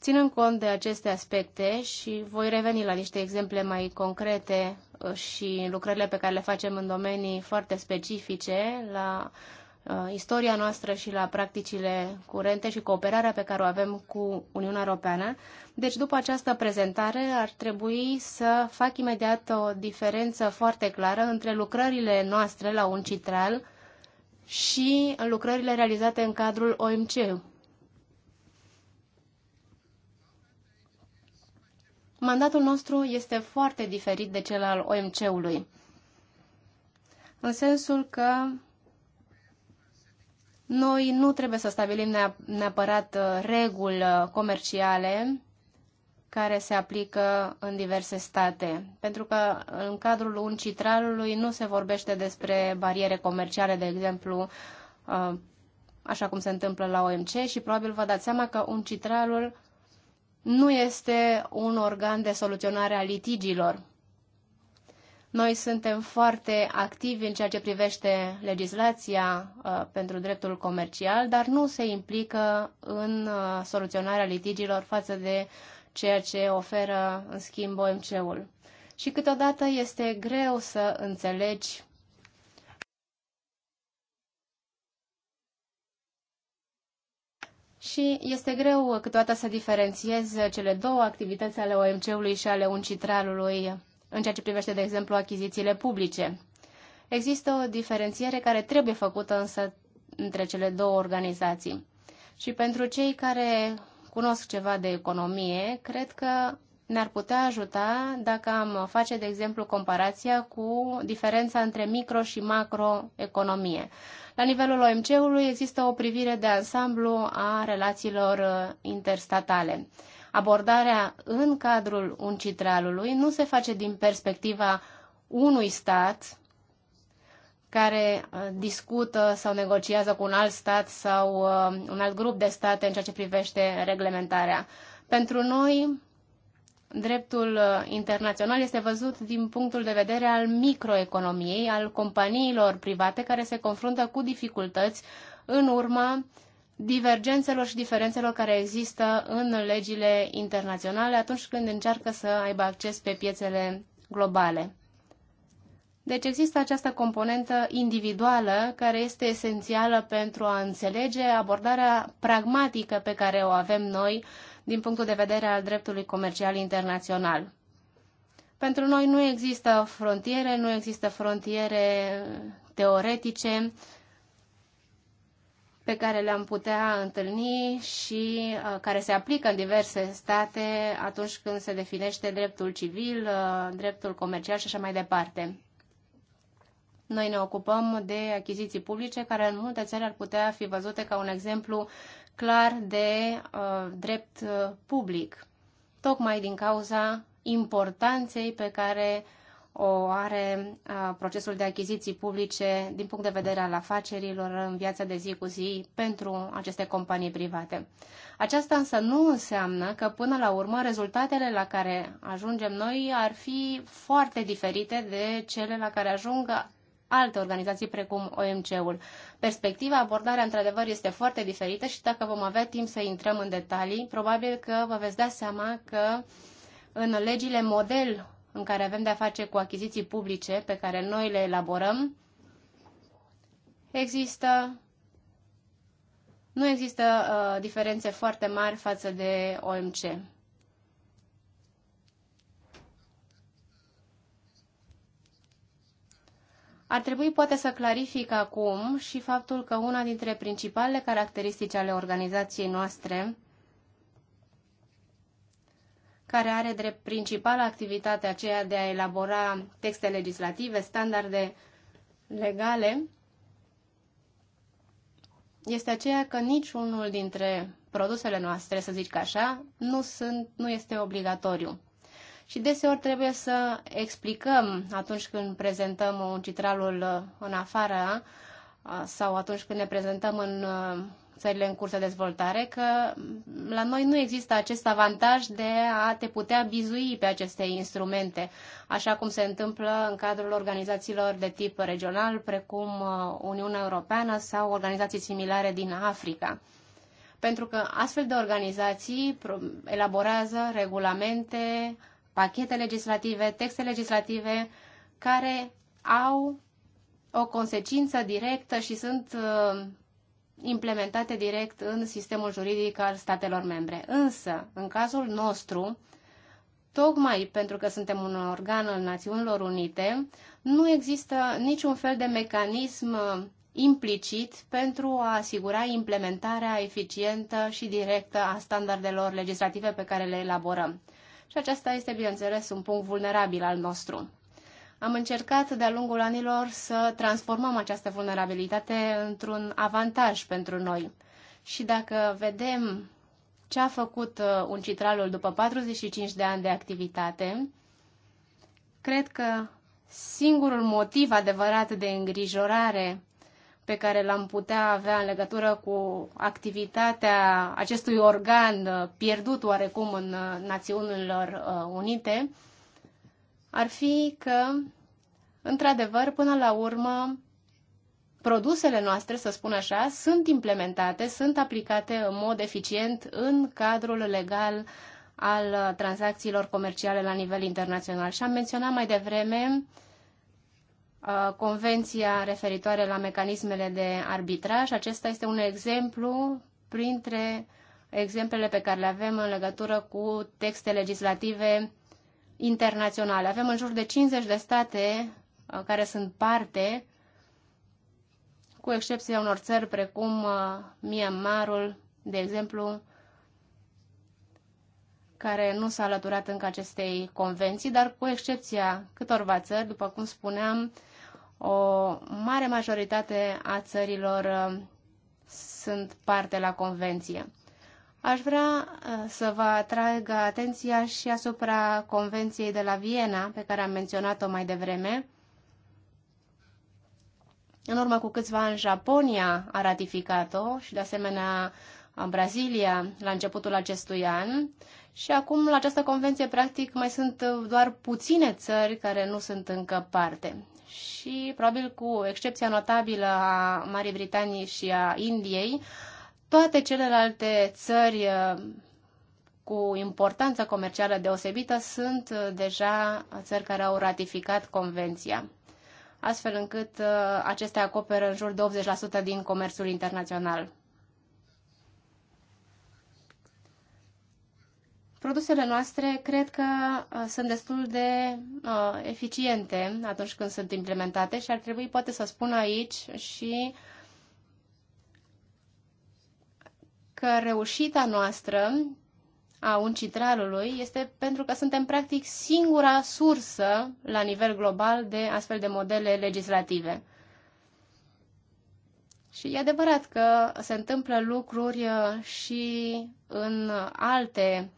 Ținând cont de aceste aspecte și voi reveni la niște exemple mai concrete uh, și lucrările pe care le facem în domenii foarte specifice, la uh, Uh, istoria noastră și la practicile curente și cooperarea pe care o avem cu Uniunea Europeană. Deci, după această prezentare, ar trebui să fac imediat o diferență foarte clară între lucrările noastre la un citral și lucrările realizate în cadrul OMC. Mandatul nostru este foarte diferit de cel al OMC-ului, în sensul că noi nu trebuie să stabilim neapărat uh, reguli uh, comerciale care se aplică în diverse state, pentru că în cadrul uncitralului nu se vorbește despre bariere comerciale, de exemplu, uh, așa cum se întâmplă la OMC și probabil vă dați seama că uncitralul nu este un organ de soluționare a litigiilor. Noi suntem foarte activi în ceea ce privește legislația uh, pentru dreptul comercial, dar nu se implică în uh, soluționarea litigiilor față de ceea ce oferă, în schimb, OMC-ul. Și câteodată este greu să înțelegi Și este greu câteodată să diferențiez cele două activități ale OMC-ului și ale uncitralului în ceea ce privește, de exemplu, achizițiile publice. Există o diferențiere care trebuie făcută însă între cele două organizații. Și pentru cei care cunosc ceva de economie, cred că ne-ar putea ajuta dacă am face, de exemplu, comparația cu diferența între micro și macroeconomie. La nivelul OMC-ului există o privire de ansamblu a relațiilor interstatale abordarea în cadrul uncitralului nu se face din perspectiva unui stat care uh, discută sau negociază cu un alt stat sau uh, un alt grup de state în ceea ce privește reglementarea. Pentru noi, dreptul uh, internațional este văzut din punctul de vedere al microeconomiei, al companiilor private care se confruntă cu dificultăți în urma uh, divergențelor și diferențelor care există în legile internaționale atunci când încearcă să aibă acces pe piețele globale. Deci există această componentă individuală care este esențială pentru a înțelege abordarea pragmatică pe care o avem noi din punctul de vedere al dreptului comercial internațional. Pentru noi nu există frontiere, nu există frontiere teoretice, pe care le-am putea întâlni și uh, care se aplică în diverse state atunci când se definește dreptul civil, uh, dreptul comercial și așa mai departe. Noi ne ocupăm de achiziții publice care în multe țări ar putea fi văzute ca un exemplu clar de uh, drept uh, public, tocmai din cauza importanței pe care uh, o are procesul de achiziții publice din punct de vedere al afacerilor în viața de zi cu zi pentru aceste companii private. Aceasta însă nu înseamnă că până la urmă rezultatele la care ajungem noi ar fi foarte diferite de cele la care ajung alte organizații precum OMC-ul. Perspectiva, abordarea într-adevăr este foarte diferită și dacă vom avea timp să intrăm în detalii, probabil că vă veți da seama că în legile model în care avem de-a face cu achiziții publice pe care noi le elaborăm, există nu există uh, diferențe foarte mari față de OMC. Ar trebui poate să clarific acum și faptul că una dintre principalele caracteristici ale organizației noastre care are drept principală activitate aceea de a elabora texte legislative, standarde legale, este aceea că niciunul dintre produsele noastre, să zic așa, nu, sunt, nu este obligatoriu. Și deseori trebuie să explicăm atunci când prezentăm un citralul în afara sau atunci când ne prezentăm în țările în curs de dezvoltare, că la noi nu există acest avantaj de a te putea bizui pe aceste instrumente, așa cum se întâmplă în cadrul organizațiilor de tip regional, precum uh, Uniunea Europeană sau organizații similare din Africa. Pentru că astfel de organizații elaborează regulamente, pachete legislative, texte legislative care au o consecință directă și sunt uh, implementate direct în sistemul juridic al statelor membre. Însă, în cazul nostru, tocmai pentru că suntem un organ al Națiunilor Unite, nu există niciun fel de mecanism uh, implicit pentru a asigura implementarea eficientă și directă a standardelor legislative pe care le elaborăm. Și aceasta este, bineînțeles, un punct vulnerabil al nostru. Am încercat de-a lungul anilor să transformăm această vulnerabilitate într-un avantaj pentru noi. Și dacă vedem ce a făcut uh, Uncitralul după 45 de ani de activitate, cred că singurul motiv adevărat de îngrijorare pe care l-am putea avea în legătură cu activitatea acestui organ uh, pierdut oarecum în uh, Națiunilor Unite ar fi că, într-adevăr, până la urmă, produsele noastre, să spun așa, sunt implementate, sunt aplicate în mod eficient în cadrul legal al tranzacțiilor comerciale la nivel internațional. Și am menționat mai devreme uh, convenția referitoare la mecanismele de arbitraj. Acesta este un exemplu printre exemplele pe care le avem în legătură cu texte legislative internaționale. Avem în jur de 50 de state uh, care sunt parte, cu excepția unor țări precum uh, Myanmarul, de exemplu, care nu s-a alăturat încă acestei convenții, dar cu excepția câtorva țări, după cum spuneam, o mare majoritate a țărilor uh, sunt parte la convenție. Aș vrea uh, să vă atrag atenția și asupra Convenției de la Viena, pe care am menționat-o mai devreme. În urmă cu câțiva ani, Japonia a ratificat-o și, de asemenea, Brazilia la începutul acestui an. Și acum, la această convenție, practic, mai sunt doar puține țări care nu sunt încă parte. Și, probabil, cu excepția notabilă a Marii Britanii și a Indiei, toate celelalte țări uh, cu importanță comercială deosebită sunt uh, deja țări care au ratificat convenția, astfel încât uh, acestea acoperă în jur de 80% din comerțul internațional. Produsele noastre cred că sunt destul de uh, eficiente atunci când sunt implementate și ar trebui poate să spun aici și uh, că reușita noastră a uncitralului este pentru că suntem practic singura sursă la nivel global de astfel de modele legislative. Și e adevărat că se întâmplă lucruri uh, și în alte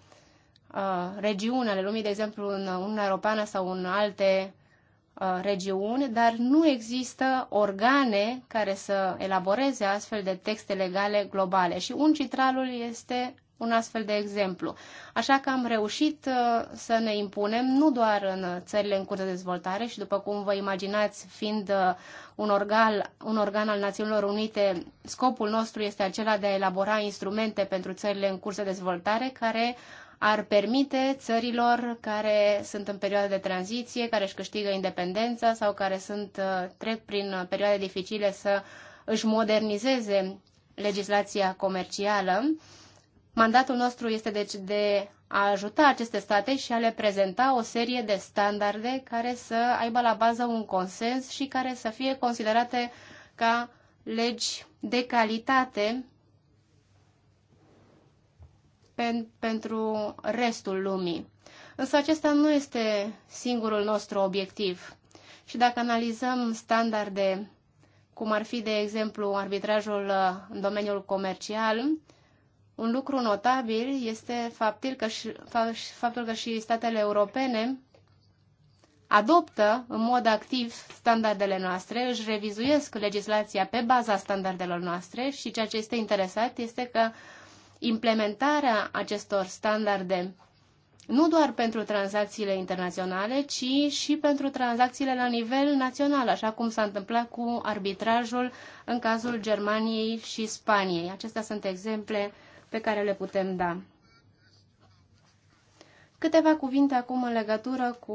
uh, regiuni ale lumii, de exemplu în Uniunea Europeană sau în alte Uh, regiuni, dar nu există organe care să elaboreze astfel de texte legale globale și uncitralul este un astfel de exemplu. Așa că am reușit uh, să ne impunem nu doar în țările în curs de dezvoltare și după cum vă imaginați, fiind uh, un organ, un organ al Națiunilor Unite, scopul nostru este acela de a elabora instrumente pentru țările în curs de dezvoltare care ar permite țărilor care sunt în perioadă de tranziție, care își câștigă independența sau care sunt, uh, trec prin uh, perioade dificile să își modernizeze legislația comercială. Mandatul nostru este deci de a ajuta aceste state și a le prezenta o serie de standarde care să aibă la bază un consens și care să fie considerate ca legi de calitate pen, pentru restul lumii. Însă acesta nu este singurul nostru obiectiv. Și dacă analizăm standarde, cum ar fi, de exemplu, arbitrajul uh, în domeniul comercial, un lucru notabil este faptul că și, faptul că și statele europene adoptă în mod activ standardele noastre, își revizuiesc legislația pe baza standardelor noastre și ceea ce este interesat este că implementarea acestor standarde nu doar pentru tranzacțiile internaționale, ci și pentru tranzacțiile la nivel național, așa cum s-a întâmplat cu arbitrajul în cazul Germaniei și Spaniei. Acestea sunt exemple pe care le putem da. Câteva cuvinte acum în legătură cu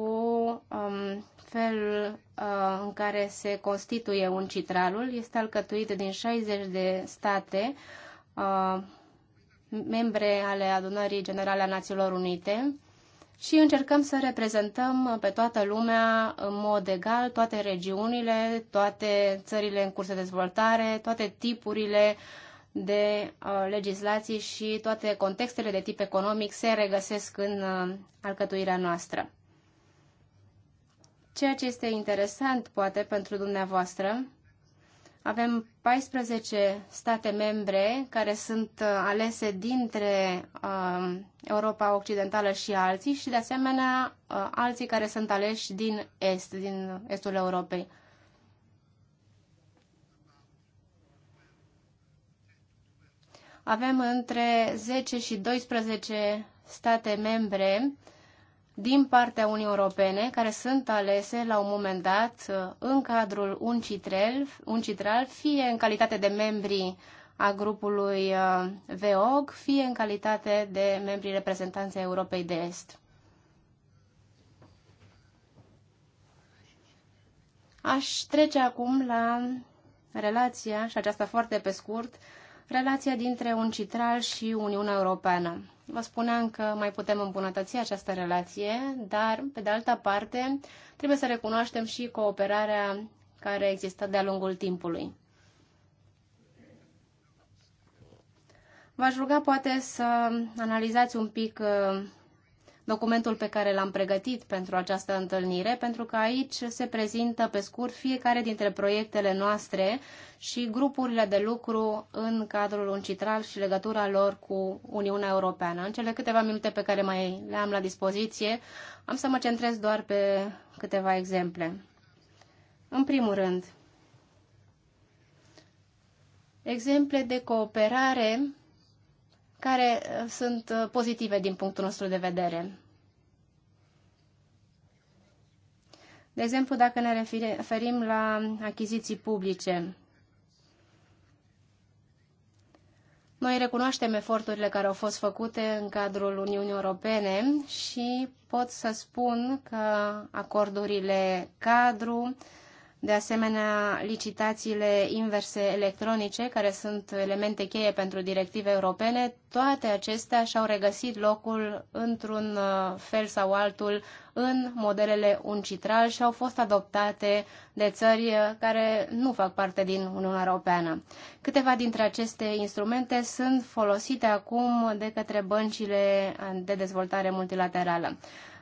um, felul uh, în care se constituie un citralul. Este alcătuit din 60 de state, uh, membre ale Adunării Generale a Națiunilor Unite și încercăm să reprezentăm pe toată lumea în mod egal, toate regiunile, toate țările în curs de dezvoltare, toate tipurile de uh, legislații și toate contextele de tip economic se regăsesc în uh, alcătuirea noastră. Ceea ce este interesant, poate, pentru dumneavoastră, avem 14 state membre care sunt uh, alese dintre uh, Europa Occidentală și alții și, de asemenea, uh, alții care sunt aleși din Est, din Estul Europei. Avem între 10 și 12 state membre din partea Uniunii Europene, care sunt alese la un moment dat uh, în cadrul UNCITREL, UNCITRAL, fie în calitate de membri a grupului uh, VEOG, fie în calitate de membri reprezentanței Europei de Est. Aș trece acum la relația, și aceasta foarte pe scurt, relația dintre un citral și Uniunea Europeană. Vă spuneam că mai putem îmbunătăți această relație, dar, pe de altă parte, trebuie să recunoaștem și cooperarea care există de-a lungul timpului. V-aș ruga poate să analizați un pic uh, documentul pe care l-am pregătit pentru această întâlnire, pentru că aici se prezintă pe scurt fiecare dintre proiectele noastre și grupurile de lucru în cadrul uncitral și legătura lor cu Uniunea Europeană. În cele câteva minute pe care mai le am la dispoziție, am să mă centrez doar pe câteva exemple. În primul rând, exemple de cooperare care uh, sunt uh, pozitive din punctul nostru de vedere. De exemplu, dacă ne referim la achiziții publice, Noi recunoaștem eforturile care au fost făcute în cadrul Uniunii Europene și pot să spun că acordurile cadru, de asemenea licitațiile inverse electronice, care sunt elemente cheie pentru directive europene, toate acestea și-au regăsit locul într-un uh, fel sau altul în modelele uncitral și au fost adoptate de țări uh, care nu fac parte din Uniunea Europeană. Câteva dintre aceste instrumente sunt folosite acum de către băncile de dezvoltare multilaterală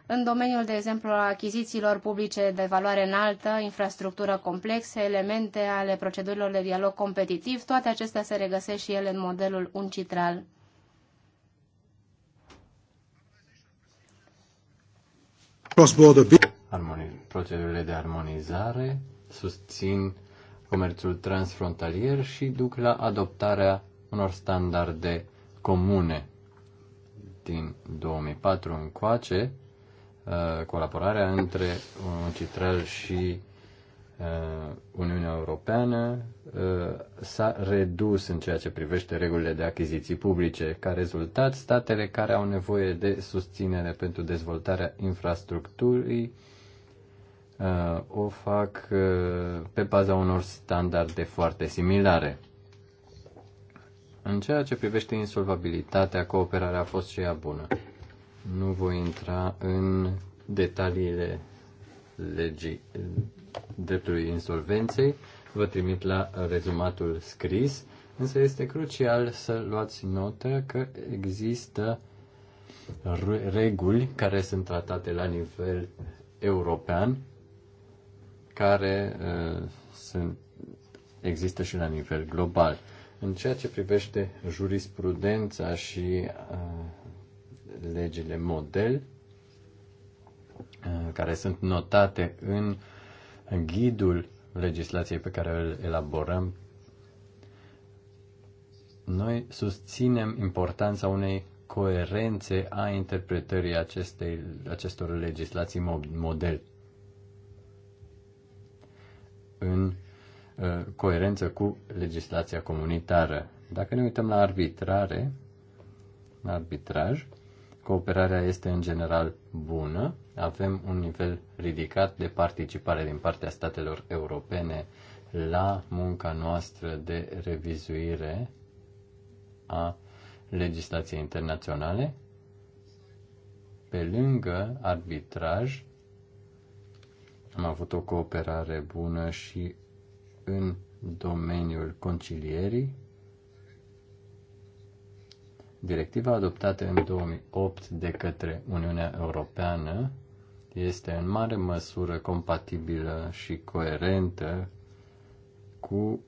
în domeniul, de exemplu, al achizițiilor publice de valoare înaltă, infrastructură complexă, elemente ale procedurilor de dialog competitiv, toate acestea se regăsesc și ele în modelul uncitral. Procedurile de armonizare susțin comerțul transfrontalier și duc la adoptarea unor standarde comune. Din 2004 încoace, Uh, colaborarea între Citral și uh, Uniunea Europeană uh, s-a redus în ceea ce privește regulile de achiziții publice. Ca rezultat, statele care au nevoie de susținere pentru dezvoltarea infrastructurii o fac pe baza unor standarde foarte similare. În ceea ce privește insolvabilitatea, cooperarea a fost și ea bună. Nu voi intra în detaliile legii dreptului insolvenței, vă trimit la rezumatul scris, însă este crucial să luați notă că există reguli care sunt tratate la nivel european, care uh, sunt, există și la nivel global. În ceea ce privește jurisprudența și uh, legile model, uh, care sunt notate în ghidul legislației pe care îl elaborăm. Noi susținem importanța unei coerențe a interpretării acestei, acestor legislații model în uh, coerență cu legislația comunitară. Dacă ne uităm la arbitrare, la arbitraj, cooperarea este în general bună, avem un nivel ridicat de participare din partea statelor europene la munca noastră de revizuire a legislației internaționale, pe lângă arbitraj, am avut o cooperare bună și în domeniul concilierii, Directiva adoptată în 2008 de către Uniunea Europeană este în mare măsură compatibilă și coerentă cu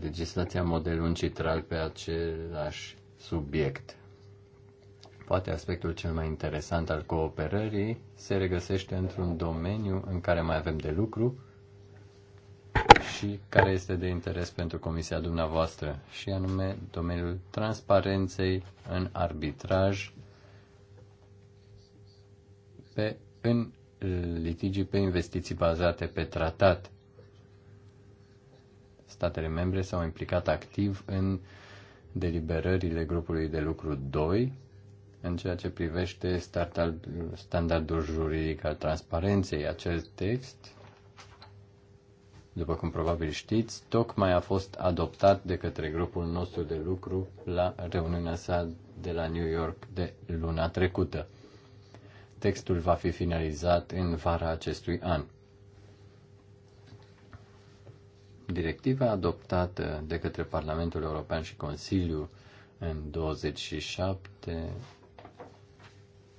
legislația modelului citral pe același subiect. Poate aspectul cel mai interesant al cooperării se regăsește într-un domeniu în care mai avem de lucru, și care este de interes pentru comisia dumneavoastră, și anume domeniul transparenței în arbitraj pe, în litigii pe investiții bazate pe tratat. Statele membre s-au implicat activ în deliberările grupului de lucru 2 în ceea ce privește standardul juridic al transparenței. acest text după cum probabil știți, tocmai a fost adoptat de către grupul nostru de lucru la reuniunea sa de la New York de luna trecută. Textul va fi finalizat în vara acestui an. Directiva adoptată de către Parlamentul European și Consiliu în 27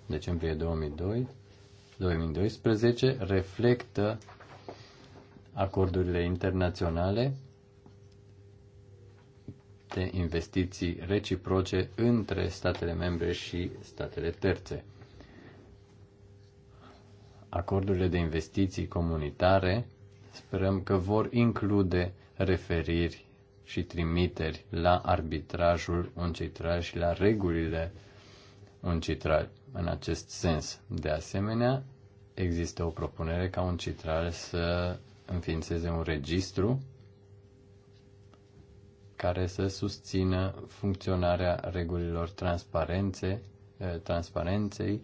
decembrie 2002, 2012 reflectă acordurile internaționale de investiții reciproce între statele membre și statele terțe. Acordurile de investiții comunitare sperăm că vor include referiri și trimiteri la arbitrajul uncitraj și la regulile uncitraj în acest sens. De asemenea, există o propunere ca uncitraj să înființeze un registru care să susțină funcționarea regulilor transparențe, eh, transparenței,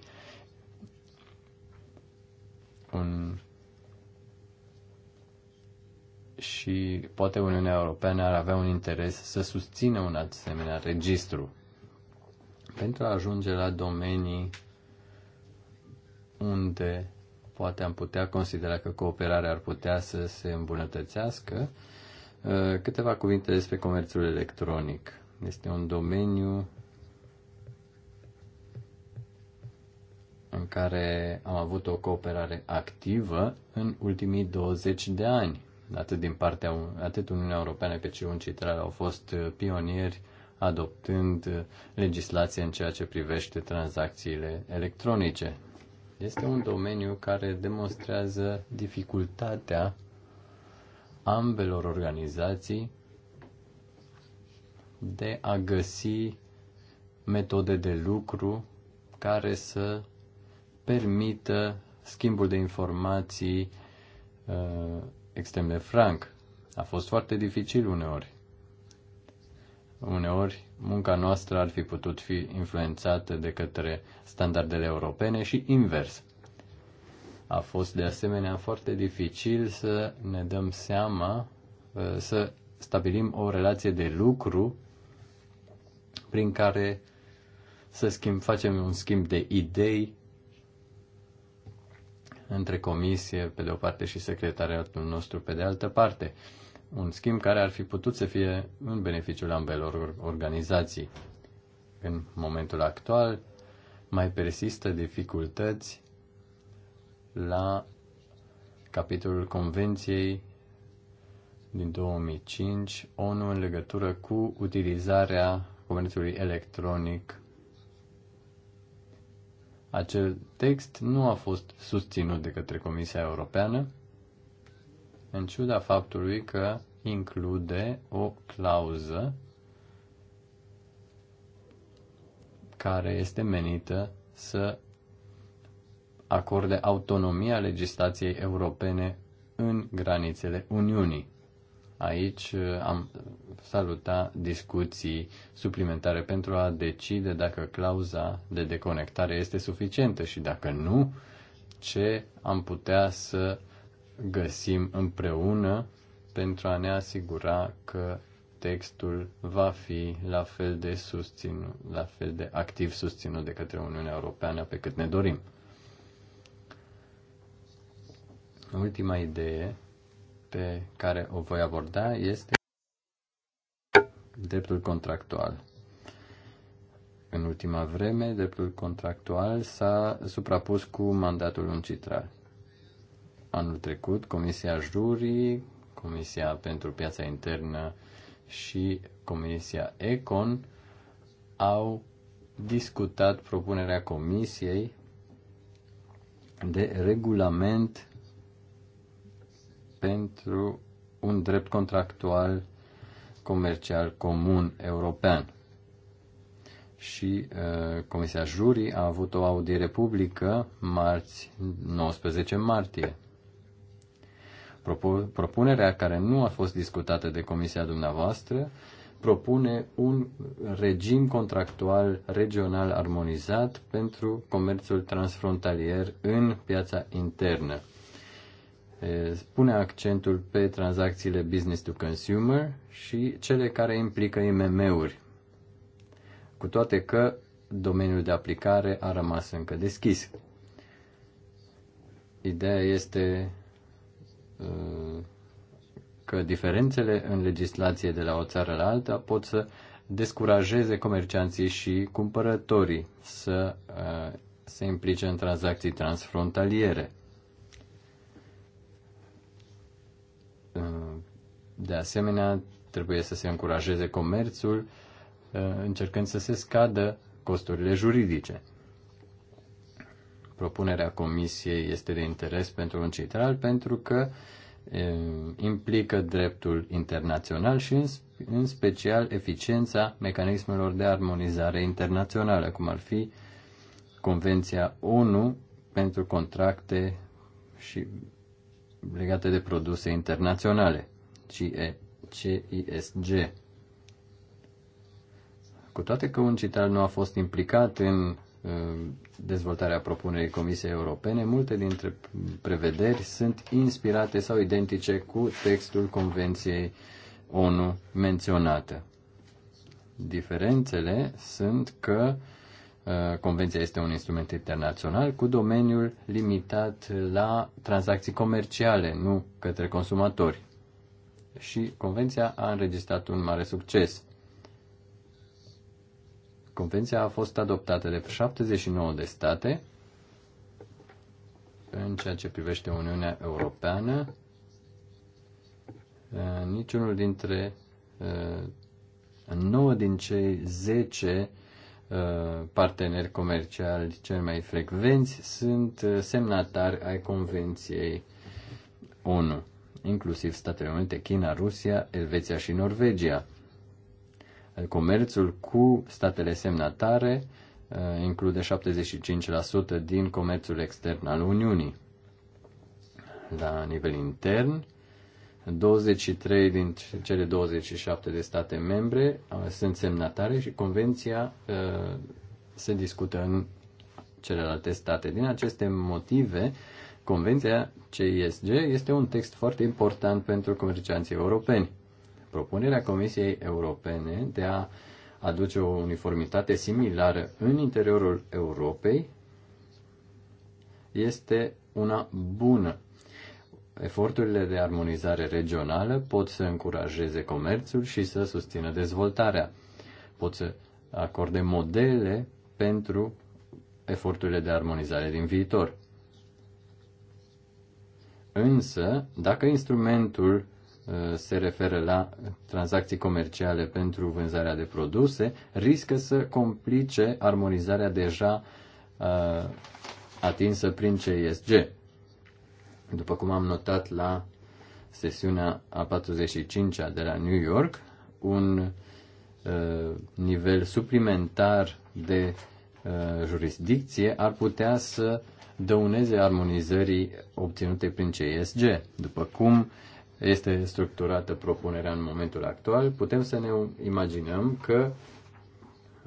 un și poate Uniunea Europeană ar avea un interes să susțină un asemenea registru pentru a ajunge la domenii unde poate am putea considera că cooperarea ar putea să se îmbunătățească. Uh, câteva cuvinte despre comerțul electronic. Este un domeniu în care am avut o cooperare activă în ultimii 20 de ani. Atât din partea, atât Uniunea Europeană cât și UNCITRAL au fost uh, pionieri adoptând uh, legislație în ceea ce privește tranzacțiile electronice. Este un domeniu care demonstrează dificultatea ambelor organizații de a găsi metode de lucru care să permită schimbul de informații uh, extrem de franc. A fost foarte dificil uneori. Uneori, munca noastră ar fi putut fi influențată de către standardele europene și invers. A fost de asemenea foarte dificil să ne dăm seama, uh, să stabilim o relație de lucru prin care să schimb, facem un schimb de idei între comisie, pe de o parte, și secretariatul nostru, pe de altă parte. Uh, un schimb care ar fi putut să fie în beneficiul ambelor organizații. În momentul actual mai persistă dificultăți la capitolul Convenției din 2005 ONU în legătură cu utilizarea comerțului electronic. Acel text nu a fost susținut de către Comisia Europeană în ciuda faptului că include o clauză care este menită să acorde autonomia legislației europene în granițele Uniunii. Aici uh, am salutat discuții suplimentare pentru a decide dacă clauza de deconectare este suficientă și dacă nu, ce am putea să uh, găsim împreună pentru a ne asigura că textul va fi la fel de susținut, la fel de activ susținut de către Uniunea Europeană pe cât ne dorim. Ultima idee pe care o voi aborda este dreptul contractual. În ultima vreme, dreptul contractual s-a suprapus cu mandatul uncitral anul trecut, Comisia Jurii, Comisia pentru Piața Internă și Comisia Econ au discutat propunerea Comisiei de regulament pentru un drept contractual comercial comun european. Și uh, Comisia Jurii a avut o audiere publică marți, 19 martie. Propunerea care nu a fost discutată de comisia dumneavoastră propune un regim contractual regional armonizat pentru comerțul transfrontalier în piața internă. Pune accentul pe tranzacțiile business to consumer și cele care implică IMM-uri, cu toate că domeniul de aplicare a rămas încă deschis. Ideea este Uh, că diferențele în legislație de la o țară la alta pot să descurajeze comercianții și cumpărătorii să uh, se implice în tranzacții transfrontaliere. Uh, de asemenea, trebuie să se încurajeze comerțul, încercând să se scadă costurile juridice propunerea Comisiei este de interes pentru un citral pentru că implică dreptul internațional și în special eficiența mecanismelor de armonizare internațională, cum ar fi Convenția ONU pentru contracte și legate de produse internaționale, CISG. Cu toate că un cital nu a fost implicat în dezvoltarea propunerii Comisiei Europene, multe dintre prevederi sunt inspirate sau identice cu textul Convenției ONU menționată. Diferențele sunt că uh, Convenția este un instrument internațional cu domeniul limitat la tranzacții comerciale, nu către consumatori. Și Convenția a înregistrat un mare succes Convenția a fost adoptată de 79 de state în ceea ce privește Uniunea Europeană. Eh, niciunul dintre 9 eh, din cei 10 eh, parteneri comerciali cel mai frecvenți sunt semnatari ai Convenției ONU, inclusiv Statele Unite, China, Rusia, Elveția și Norvegia comerțul cu statele semnatare uh, include 75% din comerțul extern al Uniunii. La nivel intern, 23 din cele 27 de state membre uh, sunt semnatare și convenția uh, se discută în celelalte state. Din aceste motive, convenția CISG este un text foarte important pentru comercianții europeni. Propunerea Comisiei Europene de a aduce o uniformitate similară în interiorul Europei este una bună. Eforturile de armonizare regională pot să încurajeze comerțul și să susțină dezvoltarea. Pot să acorde modele pentru eforturile de armonizare din viitor. Însă, dacă instrumentul Uh, se referă la tranzacții comerciale pentru vânzarea de produse, riscă să complice armonizarea deja uh, atinsă prin CISG. După cum am notat la sesiunea a 45-a de la New York, un uh, nivel suplimentar de jurisdicție ar putea să dăuneze armonizării obținute prin CSG. După cum uh, este structurată propunerea în momentul actual, putem să ne imaginăm că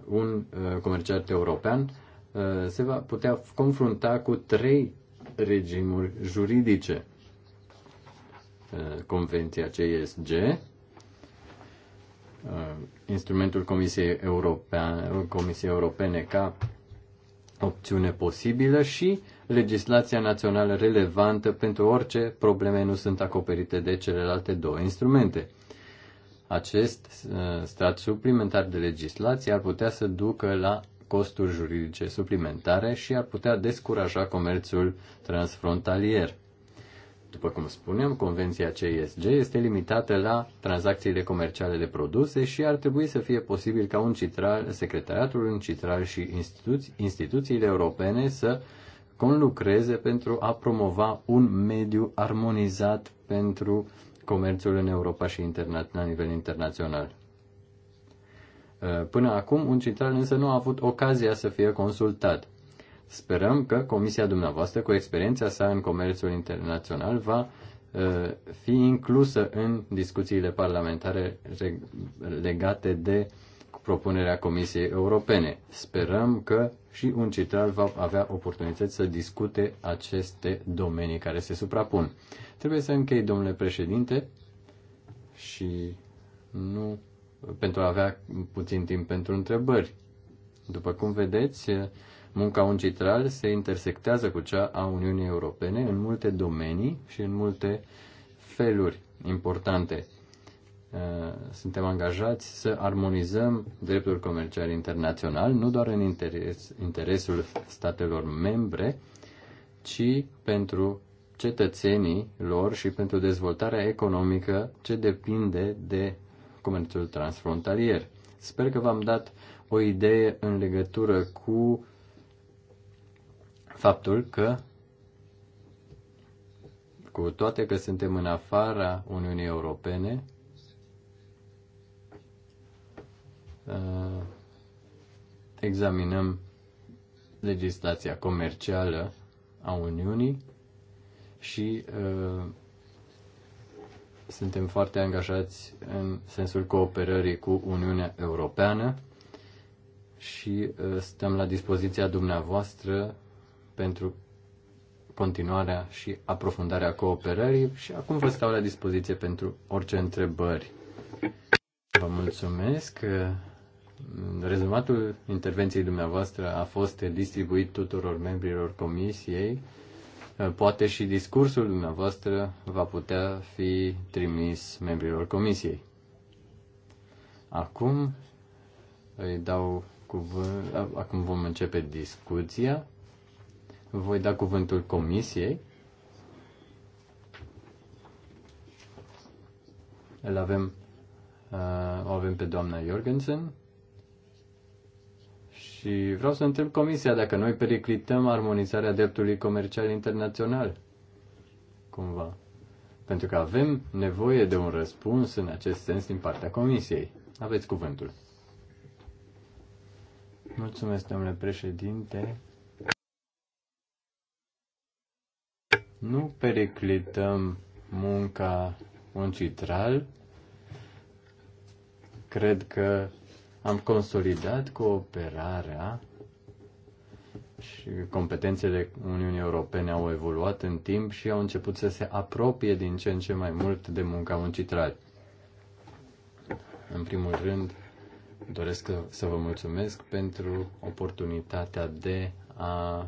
un uh, comerciant european uh, se va putea confrunta cu trei regimuri juridice. Uh, Convenția CSG, instrumentul Comisiei, Europene, Comisiei Europene ca opțiune posibilă și uh, legislația națională relevantă pentru orice probleme nu sunt acoperite de celelalte două instrumente. Acest uh, stat suplimentar de legislație ar putea să ducă la costuri juridice suplimentare și ar putea descuraja comerțul transfrontalier. După cum spuneam, convenția CSG este limitată la tranzacțiile comerciale de produse și ar trebui să fie posibil ca un citral, secretariatul, un citral și instituți, instituțiile europene să conlucreze pentru a promova un mediu armonizat pentru comerțul în Europa și interna- la nivel internațional. Uh, până acum, un central însă nu a avut ocazia să fie consultat. Sperăm că comisia dumneavoastră, cu experiența sa în comerțul internațional, va uh, fi inclusă în discuțiile parlamentare legate de uh, propunerea Comisiei Europene. Sperăm că și citral va avea oportunități să discute aceste domenii care se suprapun. Trebuie să închei, domnule președinte, și nu pentru a avea puțin timp pentru întrebări. După cum vedeți, munca uncitral se intersectează cu cea a Uniunii Europene în multe domenii și în multe feluri importante. Uh, suntem angajați să armonizăm dreptul comercial internațional, nu doar în interes, interesul statelor membre, ci pentru cetățenii lor și pentru dezvoltarea economică ce depinde de comerțul transfrontalier. Sper că v-am dat o idee în legătură cu faptul că cu toate că suntem în afara Uniunii Europene, Uh, examinăm legislația comercială a Uniunii și uh, suntem foarte angajați în sensul cooperării cu Uniunea Europeană și uh, stăm la dispoziția dumneavoastră pentru continuarea și aprofundarea cooperării și acum vă stau la dispoziție pentru orice întrebări. Vă mulțumesc. Rezumatul intervenției dumneavoastră a fost distribuit tuturor membrilor comisiei. Poate și discursul dumneavoastră va putea fi trimis membrilor comisiei. Acum îi dau cuvânt, acum vom începe discuția. Voi da cuvântul comisiei. Îl avem, uh, o avem pe doamna Jorgensen, și vreau să întreb Comisia dacă noi periclităm armonizarea dreptului comercial internațional. Cumva. Pentru că avem nevoie de un răspuns în acest sens din partea Comisiei. Aveți cuvântul. Mulțumesc, domnule președinte. Nu periclităm munca uncitral. Cred că am consolidat cooperarea și competențele Uniunii Europene au evoluat în timp și au început să se apropie din ce în ce mai mult de munca muncitrari. În primul rând, doresc să vă mulțumesc pentru oportunitatea de a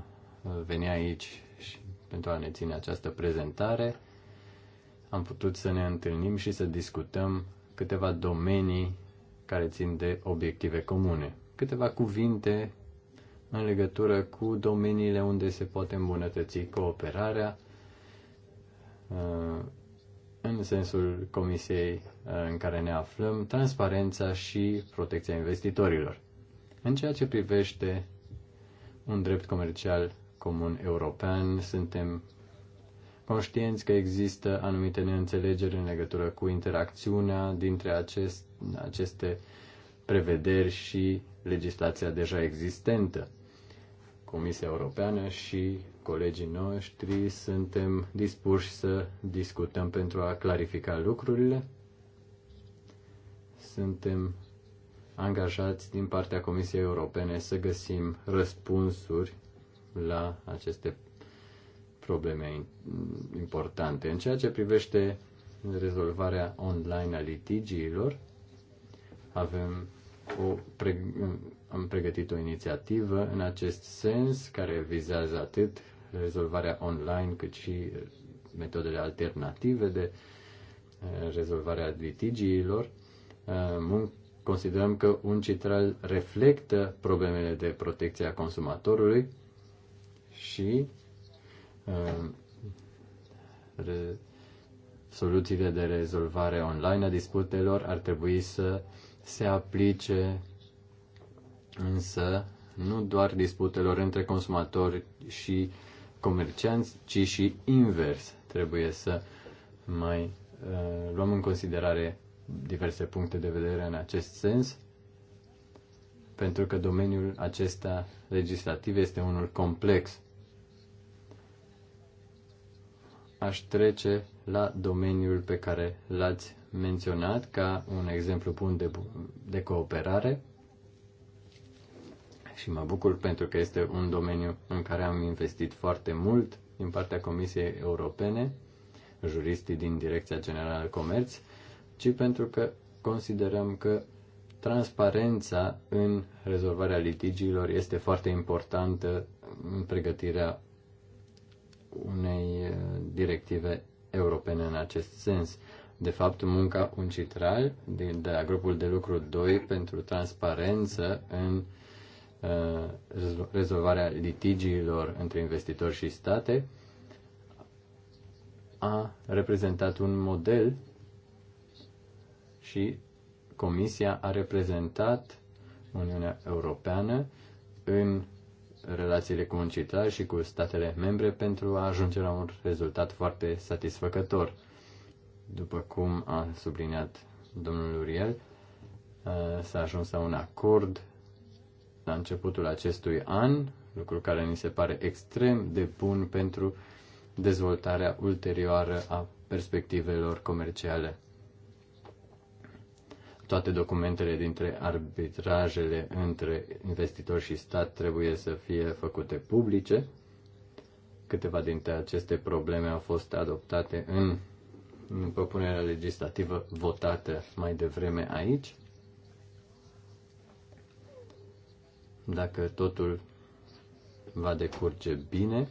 veni aici și pentru a ne ține această prezentare. Am putut să ne întâlnim și să discutăm câteva domenii care țin de obiective comune. Câteva cuvinte în legătură cu domeniile unde se poate îmbunătăți cooperarea uh, în sensul comisiei uh, în care ne aflăm, transparența și protecția investitorilor. În ceea ce privește un drept comercial comun european, suntem conștienți că există anumite neînțelegeri în legătură cu interacțiunea dintre acest aceste prevederi și legislația deja existentă. Comisia Europeană și colegii noștri suntem dispuși să discutăm pentru a clarifica lucrurile. Suntem angajați din partea Comisiei Europene să găsim răspunsuri la aceste probleme importante. În ceea ce privește rezolvarea online a litigiilor, avem o, pre, am pregătit o inițiativă în acest sens care vizează atât rezolvarea online cât și metodele alternative de eh, rezolvarea litigiilor. Eh, considerăm că un citral reflectă problemele de protecție a consumatorului și eh, soluțiile de rezolvare online a disputelor ar trebui să uh, se aplice însă nu doar disputelor între consumatori și comercianți, ci și invers. Trebuie să mai uh, luăm în considerare diverse puncte de vedere în acest sens, pentru că domeniul acesta legislativ este unul complex. Aș trece la domeniul pe care l-ați menționat ca un exemplu bun de, de cooperare și mă bucur pentru că este un domeniu în care am investit foarte mult din partea Comisiei Europene, juristii din Direcția Generală Comerț, ci pentru că considerăm că transparența în rezolvarea litigiilor este foarte importantă în pregătirea unei eh, directive europene în acest sens. De fapt, munca uncitral din, de la grupul de lucru 2 pentru transparență în uh, rezolvarea litigiilor între investitori și state a reprezentat un model și Comisia a reprezentat Uniunea Europeană în relațiile cu un și cu statele membre pentru a ajunge la un rezultat foarte satisfăcător. După cum a subliniat domnul Uriel, s-a ajuns la un acord la începutul acestui an, lucru care ni se pare extrem de bun pentru dezvoltarea ulterioară a perspectivelor comerciale. Toate documentele dintre arbitrajele între investitori și stat trebuie să fie făcute publice. Câteva dintre aceste probleme au fost adoptate în propunerea legislativă votată mai devreme aici. Dacă totul va decurge bine,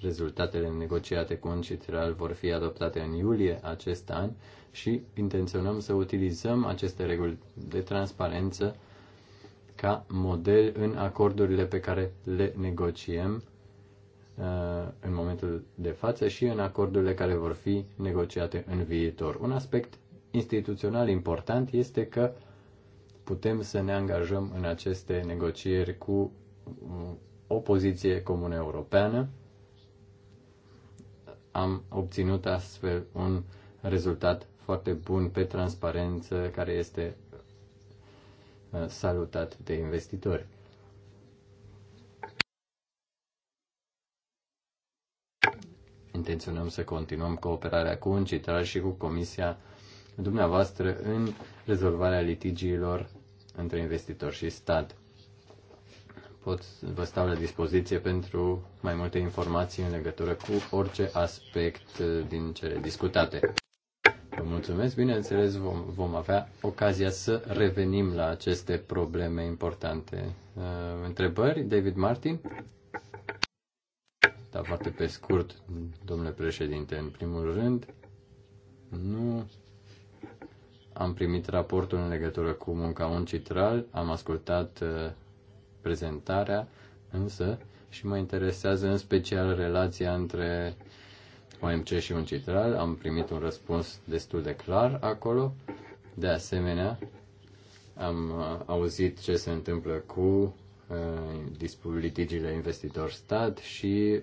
rezultatele negociate cu Uncitral vor fi adoptate în iulie acest an și intenționăm să utilizăm aceste reguli de transparență ca model în acordurile pe care le negociem Uh, în momentul de față și în acordurile care vor fi negociate în viitor. Un aspect instituțional important este că putem să ne angajăm în aceste negocieri cu uh, o poziție comună europeană. Am obținut astfel un rezultat foarte bun pe transparență care este uh, salutat de investitori. intenționăm să continuăm cooperarea cu UNCITRAL și cu Comisia dumneavoastră în rezolvarea litigiilor între investitor și stat. Pot, vă stau la dispoziție pentru mai multe informații în legătură cu orice aspect uh, din cele discutate. Vă mulțumesc, bineînțeles vom, vom avea ocazia să revenim la aceste probleme importante. Uh, întrebări, David Martin? dar foarte pe scurt, domnule președinte. În primul rând, nu am primit raportul în legătură cu munca uncitral, am ascultat uh, prezentarea, însă și mă interesează în special relația între OMC și uncitral. Am primit un răspuns destul de clar acolo. De asemenea, am uh, auzit ce se întâmplă cu Uh, dispun litigiile investitor-stat și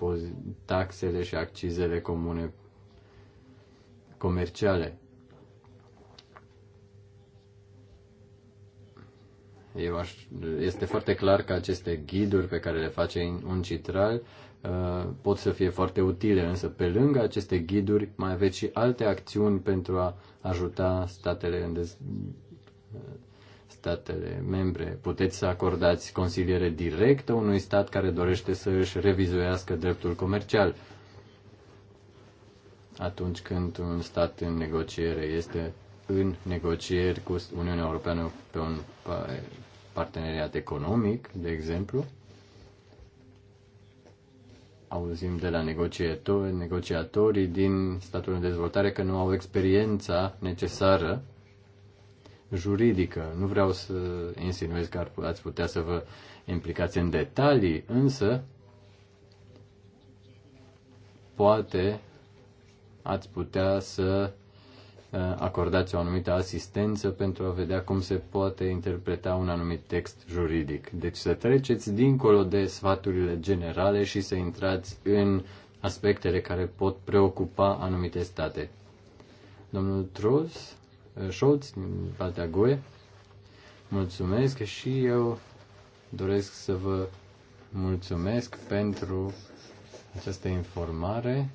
uh, taxele și accizele comune comerciale. Eu aș, este foarte clar că aceste ghiduri pe care le face un citral uh, pot să fie foarte utile, însă pe lângă aceste ghiduri mai aveți și alte acțiuni pentru a ajuta statele în dez, statele membre. Puteți să acordați consiliere directă unui stat care dorește să își revizuiască dreptul comercial. Atunci când un stat în negociere este în negocieri cu Uniunea Europeană pe un parteneriat economic, de exemplu, auzim de la negociatori, negociatorii din statul în dezvoltare că nu au experiența necesară juridică. Nu vreau să insinuez că ar, ați putea să vă implicați în detalii, însă poate ați putea să uh, acordați o anumită asistență pentru a vedea cum se poate interpreta un anumit text juridic. Deci să treceți dincolo de sfaturile generale și să intrați în aspectele care pot preocupa anumite state. Domnul Trus, Scholz din partea GUE. Mulțumesc și eu doresc să vă mulțumesc pentru această informare.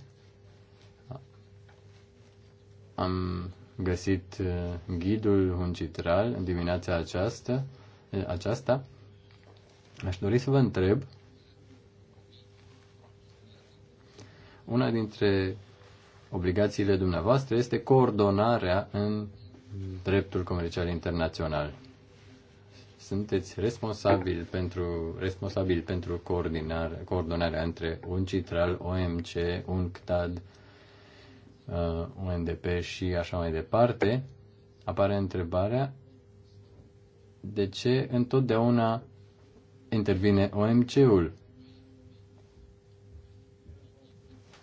Am găsit uh, ghidul uncitral în dimineața aceasta. Uh, aceasta. Aș dori să vă întreb una dintre obligațiile dumneavoastră este coordonarea în dreptul comercial internațional. Sunteți responsabil pentru, responsabil pentru coordinare, coordonarea între UNCITRAL, OMC, UNCTAD, uh, UNDP și așa mai departe. Apare întrebarea de ce întotdeauna intervine OMC-ul.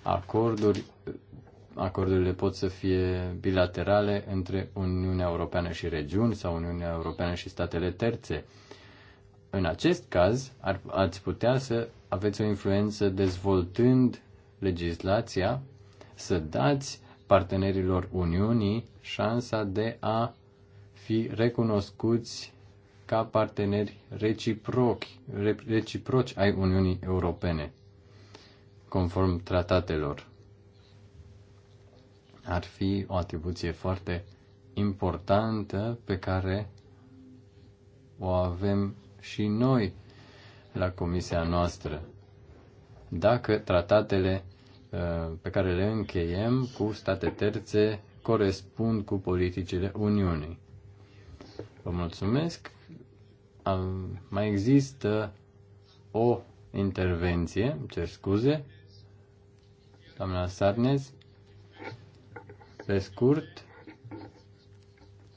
Acorduri acordurile pot să fie bilaterale între Uniunea Europeană și regiuni sau Uniunea Europeană și statele terțe. În acest caz, ar, ați putea să aveți o influență dezvoltând legislația, să dați partenerilor Uniunii șansa de a fi recunoscuți ca parteneri reciproci, reciproci ai Uniunii Europene, conform tratatelor ar fi o atribuție foarte importantă pe care o avem și noi la comisia noastră. Dacă tratatele uh, pe care le încheiem cu state terțe corespund cu politicile Uniunii. Vă mulțumesc. Mai există o intervenție, cer scuze, doamna Sarnez. Pe scurt,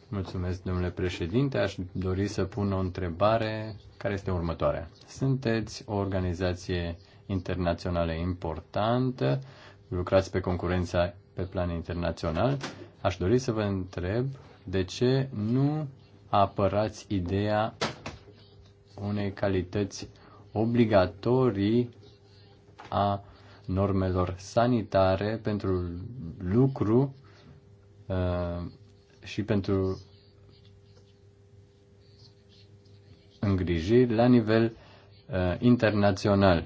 mulțumesc, domnule președinte, aș dori să pun o întrebare care este următoarea. Sunteți o organizație internațională importantă, lucrați pe concurența pe plan internațional. Aș dori să vă întreb de ce nu apărați ideea unei calități obligatorii a normelor sanitare pentru lucru Uh, și pentru îngrijiri la nivel uh, internațional.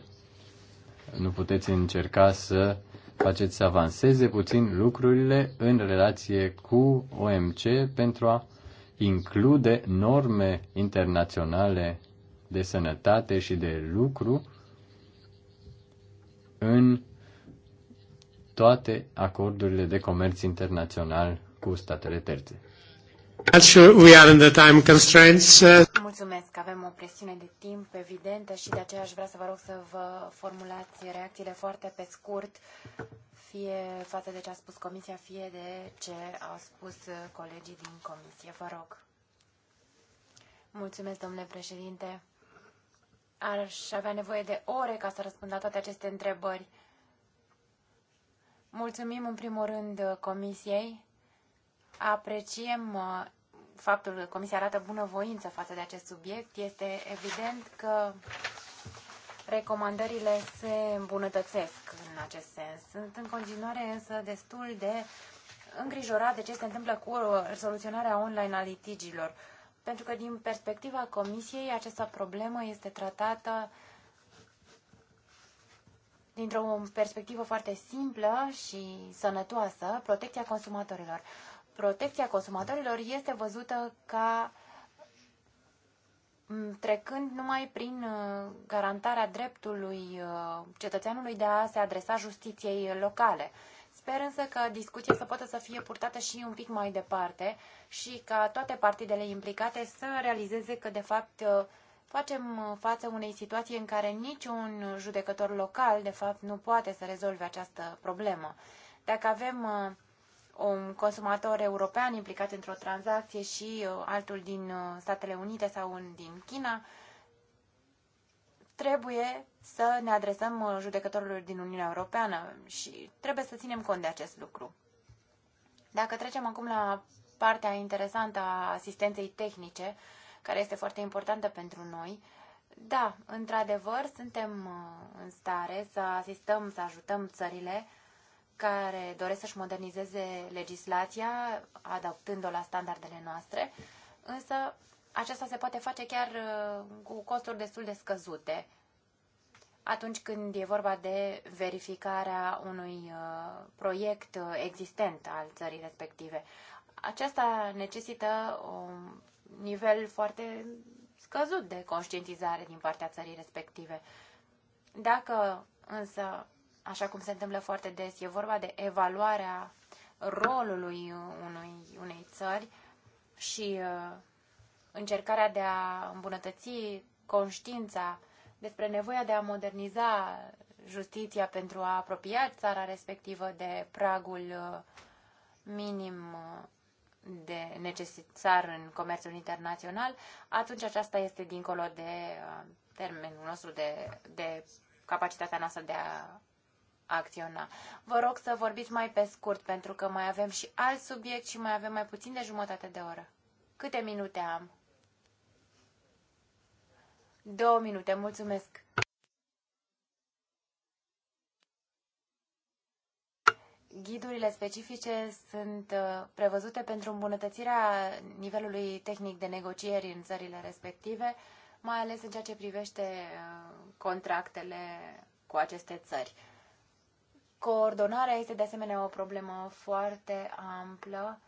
Nu puteți încerca să faceți să avanseze puțin lucrurile în relație cu OMC pentru a include norme internaționale de sănătate și de lucru în toate acordurile de comerț internațional cu statele terțe. We are in the time constraints. Uh, Mulțumesc, avem o presiune de timp evidentă și de aceea aș vrea să vă rog să vă formulați reacțiile foarte pe scurt, fie față de ce a spus Comisia, fie de ce au spus uh, colegii din Comisie. Vă rog. Mulțumesc, domnule președinte. Aș avea nevoie de ore ca să răspund la toate aceste întrebări. Mulțumim în primul rând uh, Comisiei. Apreciem uh, faptul că Comisia arată bunăvoință față de acest subiect. Este evident că recomandările se îmbunătățesc în acest sens. Sunt în continuare însă destul de îngrijorat de ce se întâmplă cu soluționarea uh, online a litigilor. Pentru că din perspectiva Comisiei această problemă este tratată uh, dintr-o perspectivă foarte simplă și sănătoasă, protecția consumatorilor. Protecția consumatorilor este văzută ca mm, trecând numai prin uh, garantarea dreptului uh, cetățeanului de a se adresa justiției locale. Sper însă că discuția să poată să fie purtată și un pic mai departe și ca toate partidele implicate să realizeze că, de fapt, uh, facem uh, față unei situații în care niciun judecător local, de fapt, nu poate să rezolve această problemă. Dacă avem uh, un consumator european implicat într-o tranzacție și uh, altul din Statele Unite sau un din China, trebuie să ne adresăm judecătorilor din Uniunea Europeană și trebuie să ținem cont de acest lucru. Dacă trecem acum la partea interesantă a asistenței tehnice, care este foarte importantă pentru noi. Da, într-adevăr, suntem uh, în stare să asistăm, să ajutăm țările care doresc să-și modernizeze legislația, adaptându-o la standardele noastre, însă aceasta se poate face chiar uh, cu costuri destul de scăzute atunci când e vorba de verificarea unui uh, proiect existent al țării respective. Aceasta necesită o nivel foarte scăzut de conștientizare din partea țării respective. Dacă însă, așa cum se întâmplă foarte des, e vorba de evaluarea rolului unui, unei țări și uh, încercarea de a îmbunătăți conștiința despre nevoia de a moderniza justiția pentru a apropia țara respectivă de pragul uh, minim uh, de necesar în comerțul internațional, atunci aceasta este dincolo de uh, termenul nostru, de, de capacitatea noastră de a acționa. Vă rog să vorbiți mai pe scurt, pentru că mai avem și alt subiect și mai avem mai puțin de jumătate de oră. Câte minute am? Două minute, mulțumesc. Ghidurile specifice sunt uh, prevăzute pentru îmbunătățirea nivelului tehnic de negocieri în țările respective, mai ales în ceea ce privește uh, contractele cu aceste țări. Coordonarea este de asemenea o problemă foarte amplă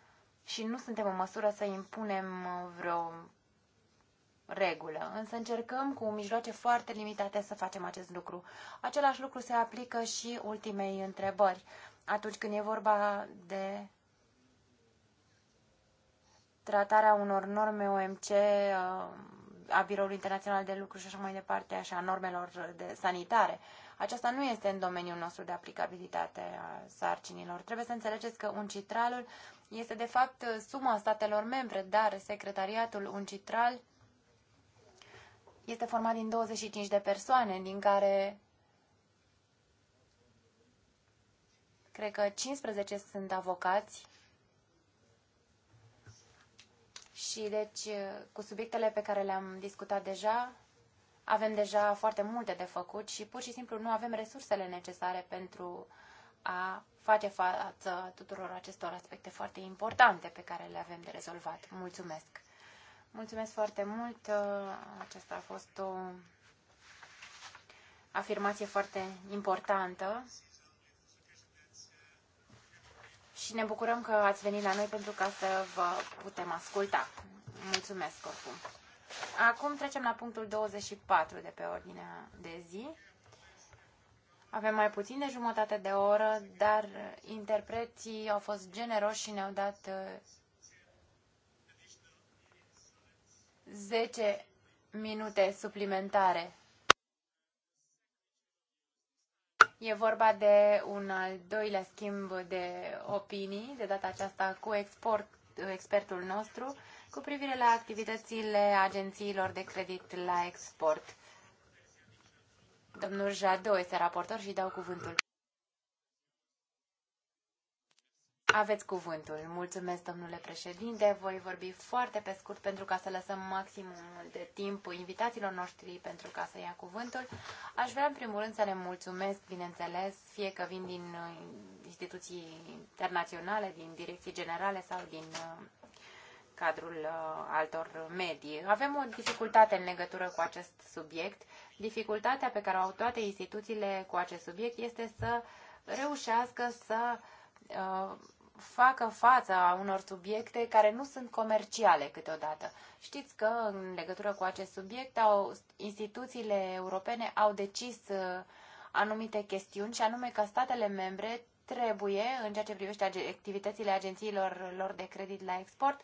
și nu suntem în măsură să impunem uh, vreo regulă, însă încercăm cu mijloace foarte limitate să facem acest lucru. Același lucru se aplică și ultimei întrebări atunci când e vorba de tratarea unor norme OMC, uh, a Biroului Internațional de Lucru și așa mai departe, așa, a normelor de sanitare. Aceasta nu este în domeniul nostru de aplicabilitate a sarcinilor. Trebuie să înțelegeți că uncitralul este de fapt suma statelor membre, dar secretariatul uncitral este format din 25 de persoane, din care Cred că 15 sunt avocați și deci cu subiectele pe care le-am discutat deja, avem deja foarte multe de făcut și pur și simplu nu avem resursele necesare pentru a face față tuturor acestor aspecte foarte importante pe care le avem de rezolvat. Mulțumesc! Mulțumesc foarte mult! Aceasta a fost o afirmație foarte importantă și ne bucurăm că ați venit la noi pentru ca să vă putem asculta. Mulțumesc oricum. Acum trecem la punctul 24 de pe ordinea de zi. Avem mai puțin de jumătate de oră, dar interpreții au fost generoși și ne-au dat 10 uh, minute suplimentare E vorba de un al doilea schimb de opinii, de data aceasta cu export, expertul nostru, cu privire la activitățile agențiilor de credit la export. Domnul Jado este raportor și dau cuvântul. Aveți cuvântul. Mulțumesc, domnule președinte. Voi vorbi foarte pe scurt pentru ca să lăsăm maximum de timp invitațiilor noștri pentru ca să ia cuvântul. Aș vrea, în primul rând, să le mulțumesc, bineînțeles, fie că vin din uh, instituții internaționale, din direcții generale sau din uh, cadrul uh, altor medii. Avem o dificultate în legătură cu acest subiect. Dificultatea pe care o au toate instituțiile cu acest subiect este să reușească să facă fața unor subiecte care nu sunt comerciale câteodată. Știți că în legătură cu acest subiect au, instituțiile europene au decis uh, anumite chestiuni și anume că statele membre trebuie, în ceea ce privește activitățile agențiilor lor de credit la export,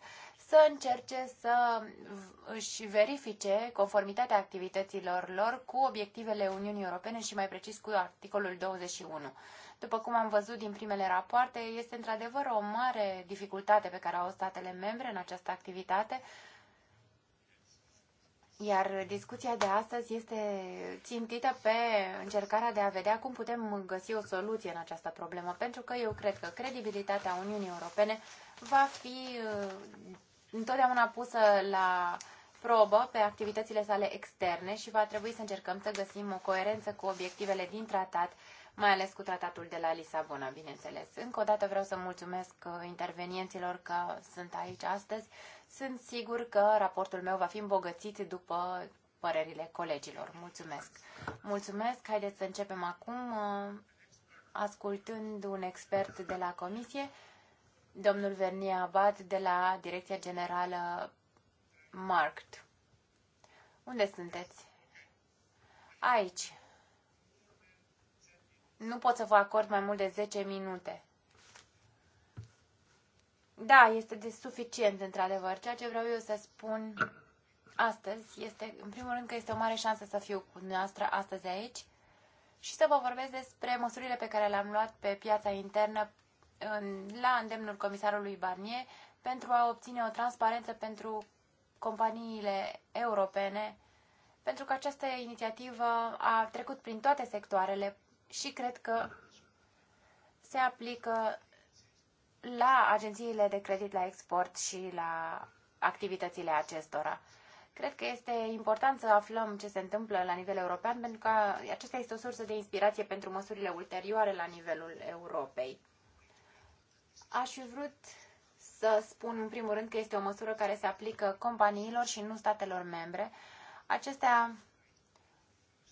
să încerce să își verifice conformitatea activităților lor cu obiectivele Uniunii Europene și mai precis cu articolul 21. După cum am văzut din primele rapoarte, este într-adevăr o mare dificultate pe care au statele membre în această activitate, iar discuția de astăzi este țintită pe încercarea de a vedea cum putem găsi o soluție în această problemă, pentru că eu cred că credibilitatea Uniunii Europene va fi uh, întotdeauna pusă la probă pe activitățile sale externe și va trebui să încercăm să găsim o coerență cu obiectivele din tratat, mai ales cu tratatul de la Lisabona, bineînțeles. Încă o dată vreau să mulțumesc uh, intervenienților că sunt aici astăzi sunt sigur că raportul meu va fi îmbogățit după părerile colegilor. Mulțumesc! Mulțumesc! Haideți să începem acum uh, ascultând un expert de la comisie, domnul Vernia Abad de la Direcția Generală Markt. Unde sunteți? Aici. Nu pot să vă acord mai mult de 10 minute. Da, este de suficient, într-adevăr. Ceea ce vreau eu să spun astăzi este, în primul rând, că este o mare șansă să fiu cu dumneavoastră astăzi aici și să vă vorbesc despre măsurile pe care le-am luat pe piața internă în, la îndemnul comisarului Barnier pentru a obține o transparență pentru companiile europene, pentru că această inițiativă a trecut prin toate sectoarele și cred că se aplică la agențiile de credit la export și la activitățile acestora. Cred că este important să aflăm ce se întâmplă la nivel european, pentru că aceasta este o sursă de inspirație pentru măsurile ulterioare la nivelul Europei. Aș fi vrut să spun în primul rând că este o măsură care se aplică companiilor și nu statelor membre. Acestea,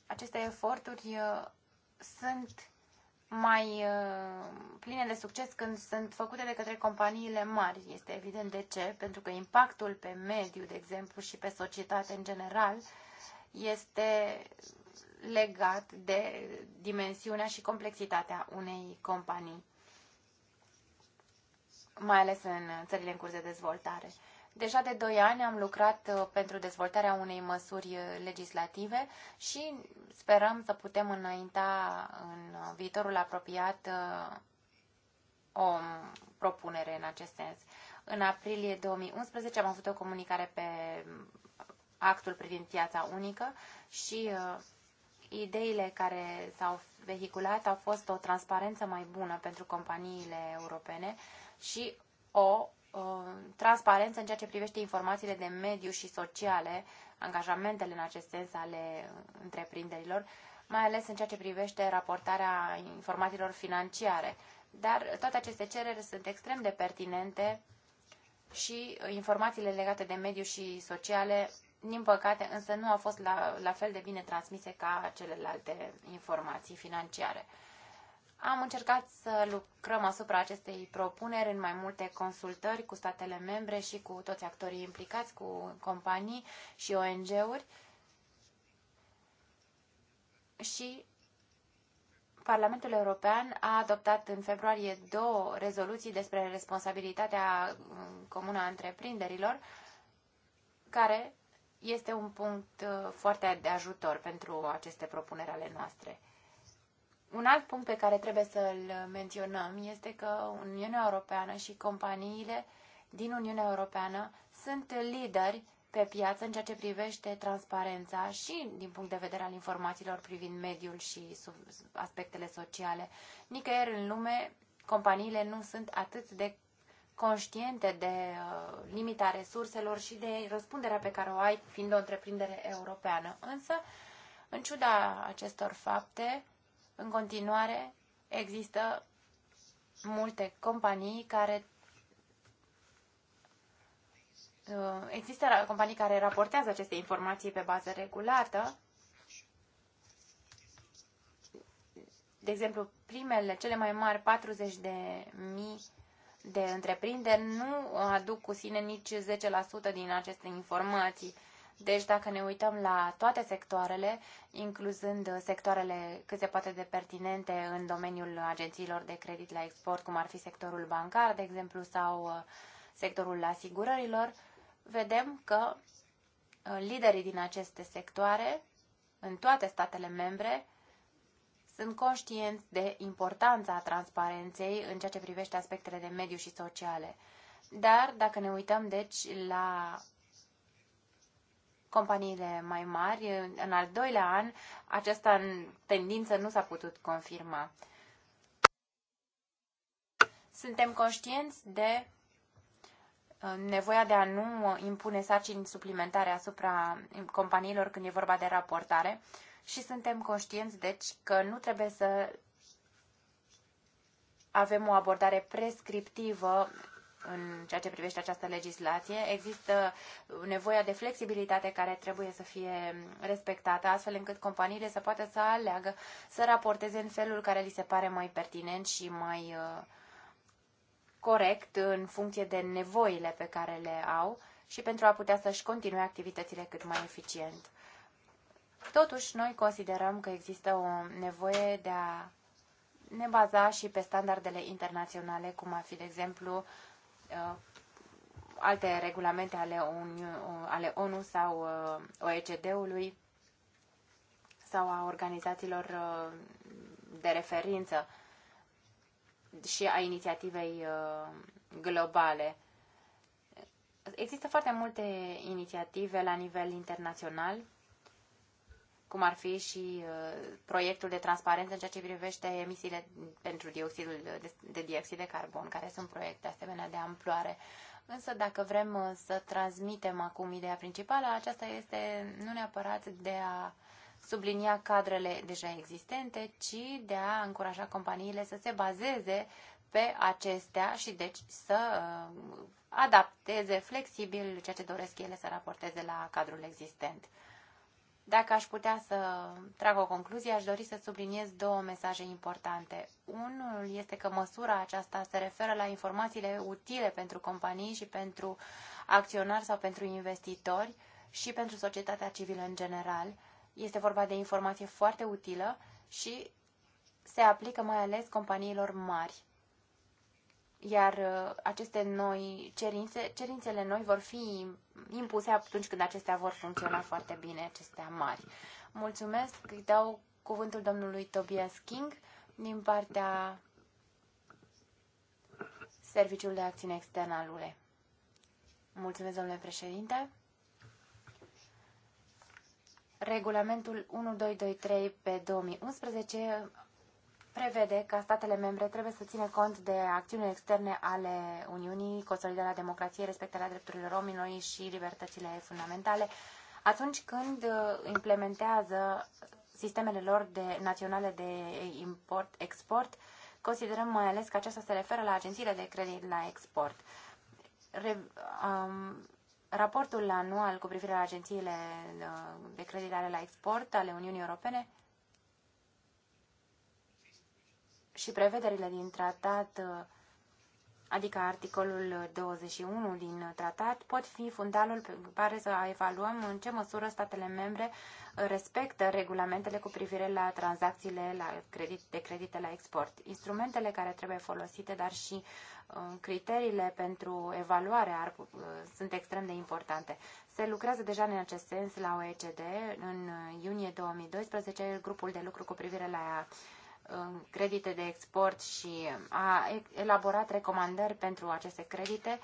aceste eforturi uh, sunt mai uh, pline de succes când sunt făcute de către companiile mari. Este evident de ce, pentru că impactul pe mediu, de exemplu, și pe societate în general este legat de dimensiunea și complexitatea unei companii, mai ales în țările în curs de dezvoltare. Deja de doi ani am lucrat uh, pentru dezvoltarea unei măsuri uh, legislative și sperăm să putem înainta în viitorul apropiat uh, o propunere în acest sens. În aprilie 2011 am avut o comunicare pe actul privind piața unică și ideile care s-au vehiculat au fost o transparență mai bună pentru companiile europene și o transparență în ceea ce privește informațiile de mediu și sociale, angajamentele în acest sens ale întreprinderilor, mai ales în ceea ce privește raportarea informațiilor financiare. Dar toate aceste cereri sunt extrem de pertinente și informațiile legate de mediu și sociale, din păcate, însă nu au fost la, la fel de bine transmise ca celelalte informații financiare. Am încercat să lucrăm asupra acestei propuneri în mai multe consultări cu statele membre și cu toți actorii implicați, cu companii și ONG-uri. Și Parlamentul European a adoptat în februarie două rezoluții despre responsabilitatea um, comună a întreprinderilor, care este un punct uh, foarte de ajutor pentru aceste propuneri ale noastre. Un alt punct pe care trebuie să-l menționăm este că Uniunea Europeană și companiile din Uniunea Europeană sunt lideri pe piață în ceea ce privește transparența și din punct de vedere al informațiilor privind mediul și aspectele sociale. Nicăieri în lume companiile nu sunt atât de conștiente de uh, limita resurselor și de răspunderea pe care o ai fiind o întreprindere europeană. Însă, în ciuda acestor fapte, în continuare, există multe companii care uh, există companii care raportează aceste informații pe bază regulată. De exemplu, primele, cele mai mari, 40 de mii de întreprinderi nu aduc cu sine nici 10% din aceste informații. Deci dacă ne uităm la toate sectoarele, incluzând sectoarele cât se poate de pertinente în domeniul agențiilor de credit la export, cum ar fi sectorul bancar, de exemplu, sau uh, sectorul asigurărilor, vedem că uh, liderii din aceste sectoare, în toate statele membre, sunt conștienți de importanța transparenței în ceea ce privește aspectele de mediu și sociale. Dar, dacă ne uităm, deci, la companiile mai mari. În al doilea an, această tendință nu s-a putut confirma. Suntem conștienți de uh, nevoia de a nu impune sarcini suplimentare asupra companiilor când e vorba de raportare și suntem conștienți, deci, că nu trebuie să avem o abordare prescriptivă în ceea ce privește această legislație. Există nevoia de flexibilitate care trebuie să fie respectată, astfel încât companiile să poată să aleagă să raporteze în felul care li se pare mai pertinent și mai uh, corect în funcție de nevoile pe care le au și pentru a putea să-și continue activitățile cât mai eficient. Totuși, noi considerăm că există o nevoie de a ne baza și pe standardele internaționale, cum ar fi, de exemplu, Uh, alte regulamente ale, ONU, uh, ale ONU sau uh, OECD-ului sau a organizațiilor de referință și a inițiativei globale. Există foarte multe inițiative la nivel internațional cum ar fi și uh, proiectul de transparență în ceea ce privește emisiile pentru dioxidul de dioxid de carbon, care sunt proiecte asemenea de amploare. Însă dacă vrem uh, să transmitem acum ideea principală, aceasta este nu neapărat de a sublinia cadrele deja existente, ci de a încuraja companiile să se bazeze pe acestea și deci să uh, adapteze flexibil ceea ce doresc ele să raporteze la cadrul existent. Dacă aș putea să trag o concluzie, aș dori să subliniez două mesaje importante. Unul este că măsura aceasta se referă la informațiile utile pentru companii și pentru acționari sau pentru investitori și pentru societatea civilă în general. Este vorba de informație foarte utilă și se aplică mai ales companiilor mari iar uh, aceste noi cerințe, cerințele noi vor fi impuse atunci când acestea vor funcționa foarte bine, acestea mari. Mulțumesc, îi dau cuvântul domnului Tobias King din partea Serviciul de Acțiune Externă al UE. Mulțumesc, domnule președinte. Regulamentul 1223 pe 2011 prevede că statele membre trebuie să țină cont de acțiunile externe ale Uniunii, consolidarea democrației, respectarea drepturilor omului și libertățile fundamentale, atunci când uh, implementează sistemele lor de, naționale de import-export, considerăm mai ales că aceasta se referă la agențiile de credit la export. Re, um, raportul anual cu privire la agențiile uh, de creditare la export ale Uniunii Europene și prevederile din tratat, adică articolul 21 din tratat, pot fi fundalul pe care să evaluăm în ce măsură statele membre respectă regulamentele cu privire la tranzacțiile la credit, de credite la export. Instrumentele care trebuie folosite, dar și uh, criteriile pentru evaluare ar, uh, sunt extrem de importante. Se lucrează deja în acest sens la OECD. În uh, iunie 2012, grupul de lucru cu privire la Um, credite de export și a elaborat recomandări pentru aceste credite,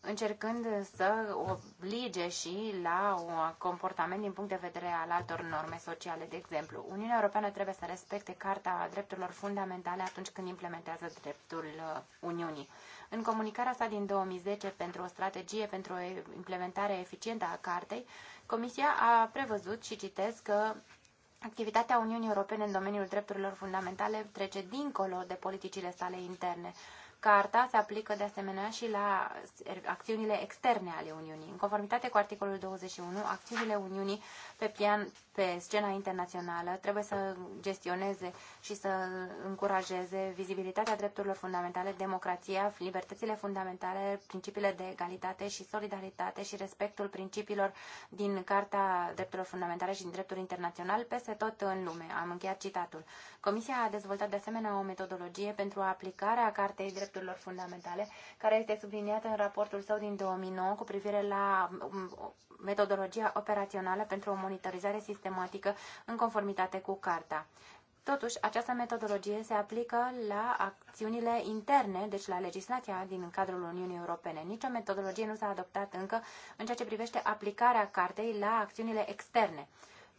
încercând să oblige și la un comportament din punct de vedere al altor norme sociale, de exemplu. Uniunea Europeană trebuie să respecte Carta Drepturilor Fundamentale atunci când implementează dreptul uh, Uniunii. În comunicarea sa din 2010 pentru o strategie pentru o implementare eficientă a cartei, Comisia a prevăzut și citesc că Activitatea Uniunii Europene în domeniul drepturilor fundamentale trece dincolo de politicile sale interne. Carta se aplică de asemenea și la acțiunile externe ale Uniunii. În conformitate cu articolul 21, acțiunile Uniunii pe, pian, pe scena internațională trebuie să gestioneze și să încurajeze vizibilitatea drepturilor fundamentale, democrația, libertățile fundamentale, principiile de egalitate și solidaritate și respectul principiilor din Carta Drepturilor Fundamentale și din dreptul internațional peste tot în lume. Am încheiat citatul. Comisia a dezvoltat de asemenea o metodologie pentru aplicarea Cartei Drepturilor drepturilor fundamentale, care este subliniată în raportul său din 2009 cu privire la um, metodologia operațională pentru o monitorizare sistematică în conformitate cu Carta. Totuși, această metodologie se aplică la acțiunile interne, deci la legislația din cadrul Uniunii Europene. Nici o metodologie nu s-a adoptat încă în ceea ce privește aplicarea cartei la acțiunile externe.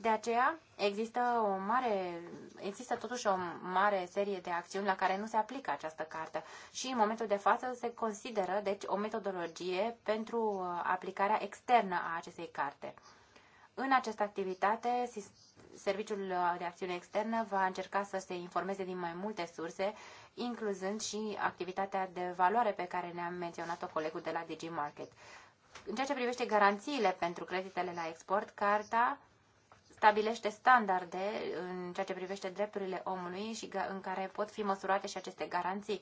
De aceea există o mare, există totuși o mare serie de acțiuni la care nu se aplică această carte și în momentul de față se consideră deci o metodologie pentru uh, aplicarea externă a acestei carte. În această activitate, Serviciul uh, de Acțiune Externă va încerca să se informeze din mai multe surse, incluzând și activitatea de valoare pe care ne-a menționat-o colegul de la DigiMarket. În ceea ce privește garanțiile pentru creditele la export, carta stabilește standarde în ceea ce privește drepturile omului și în care pot fi măsurate și aceste garanții.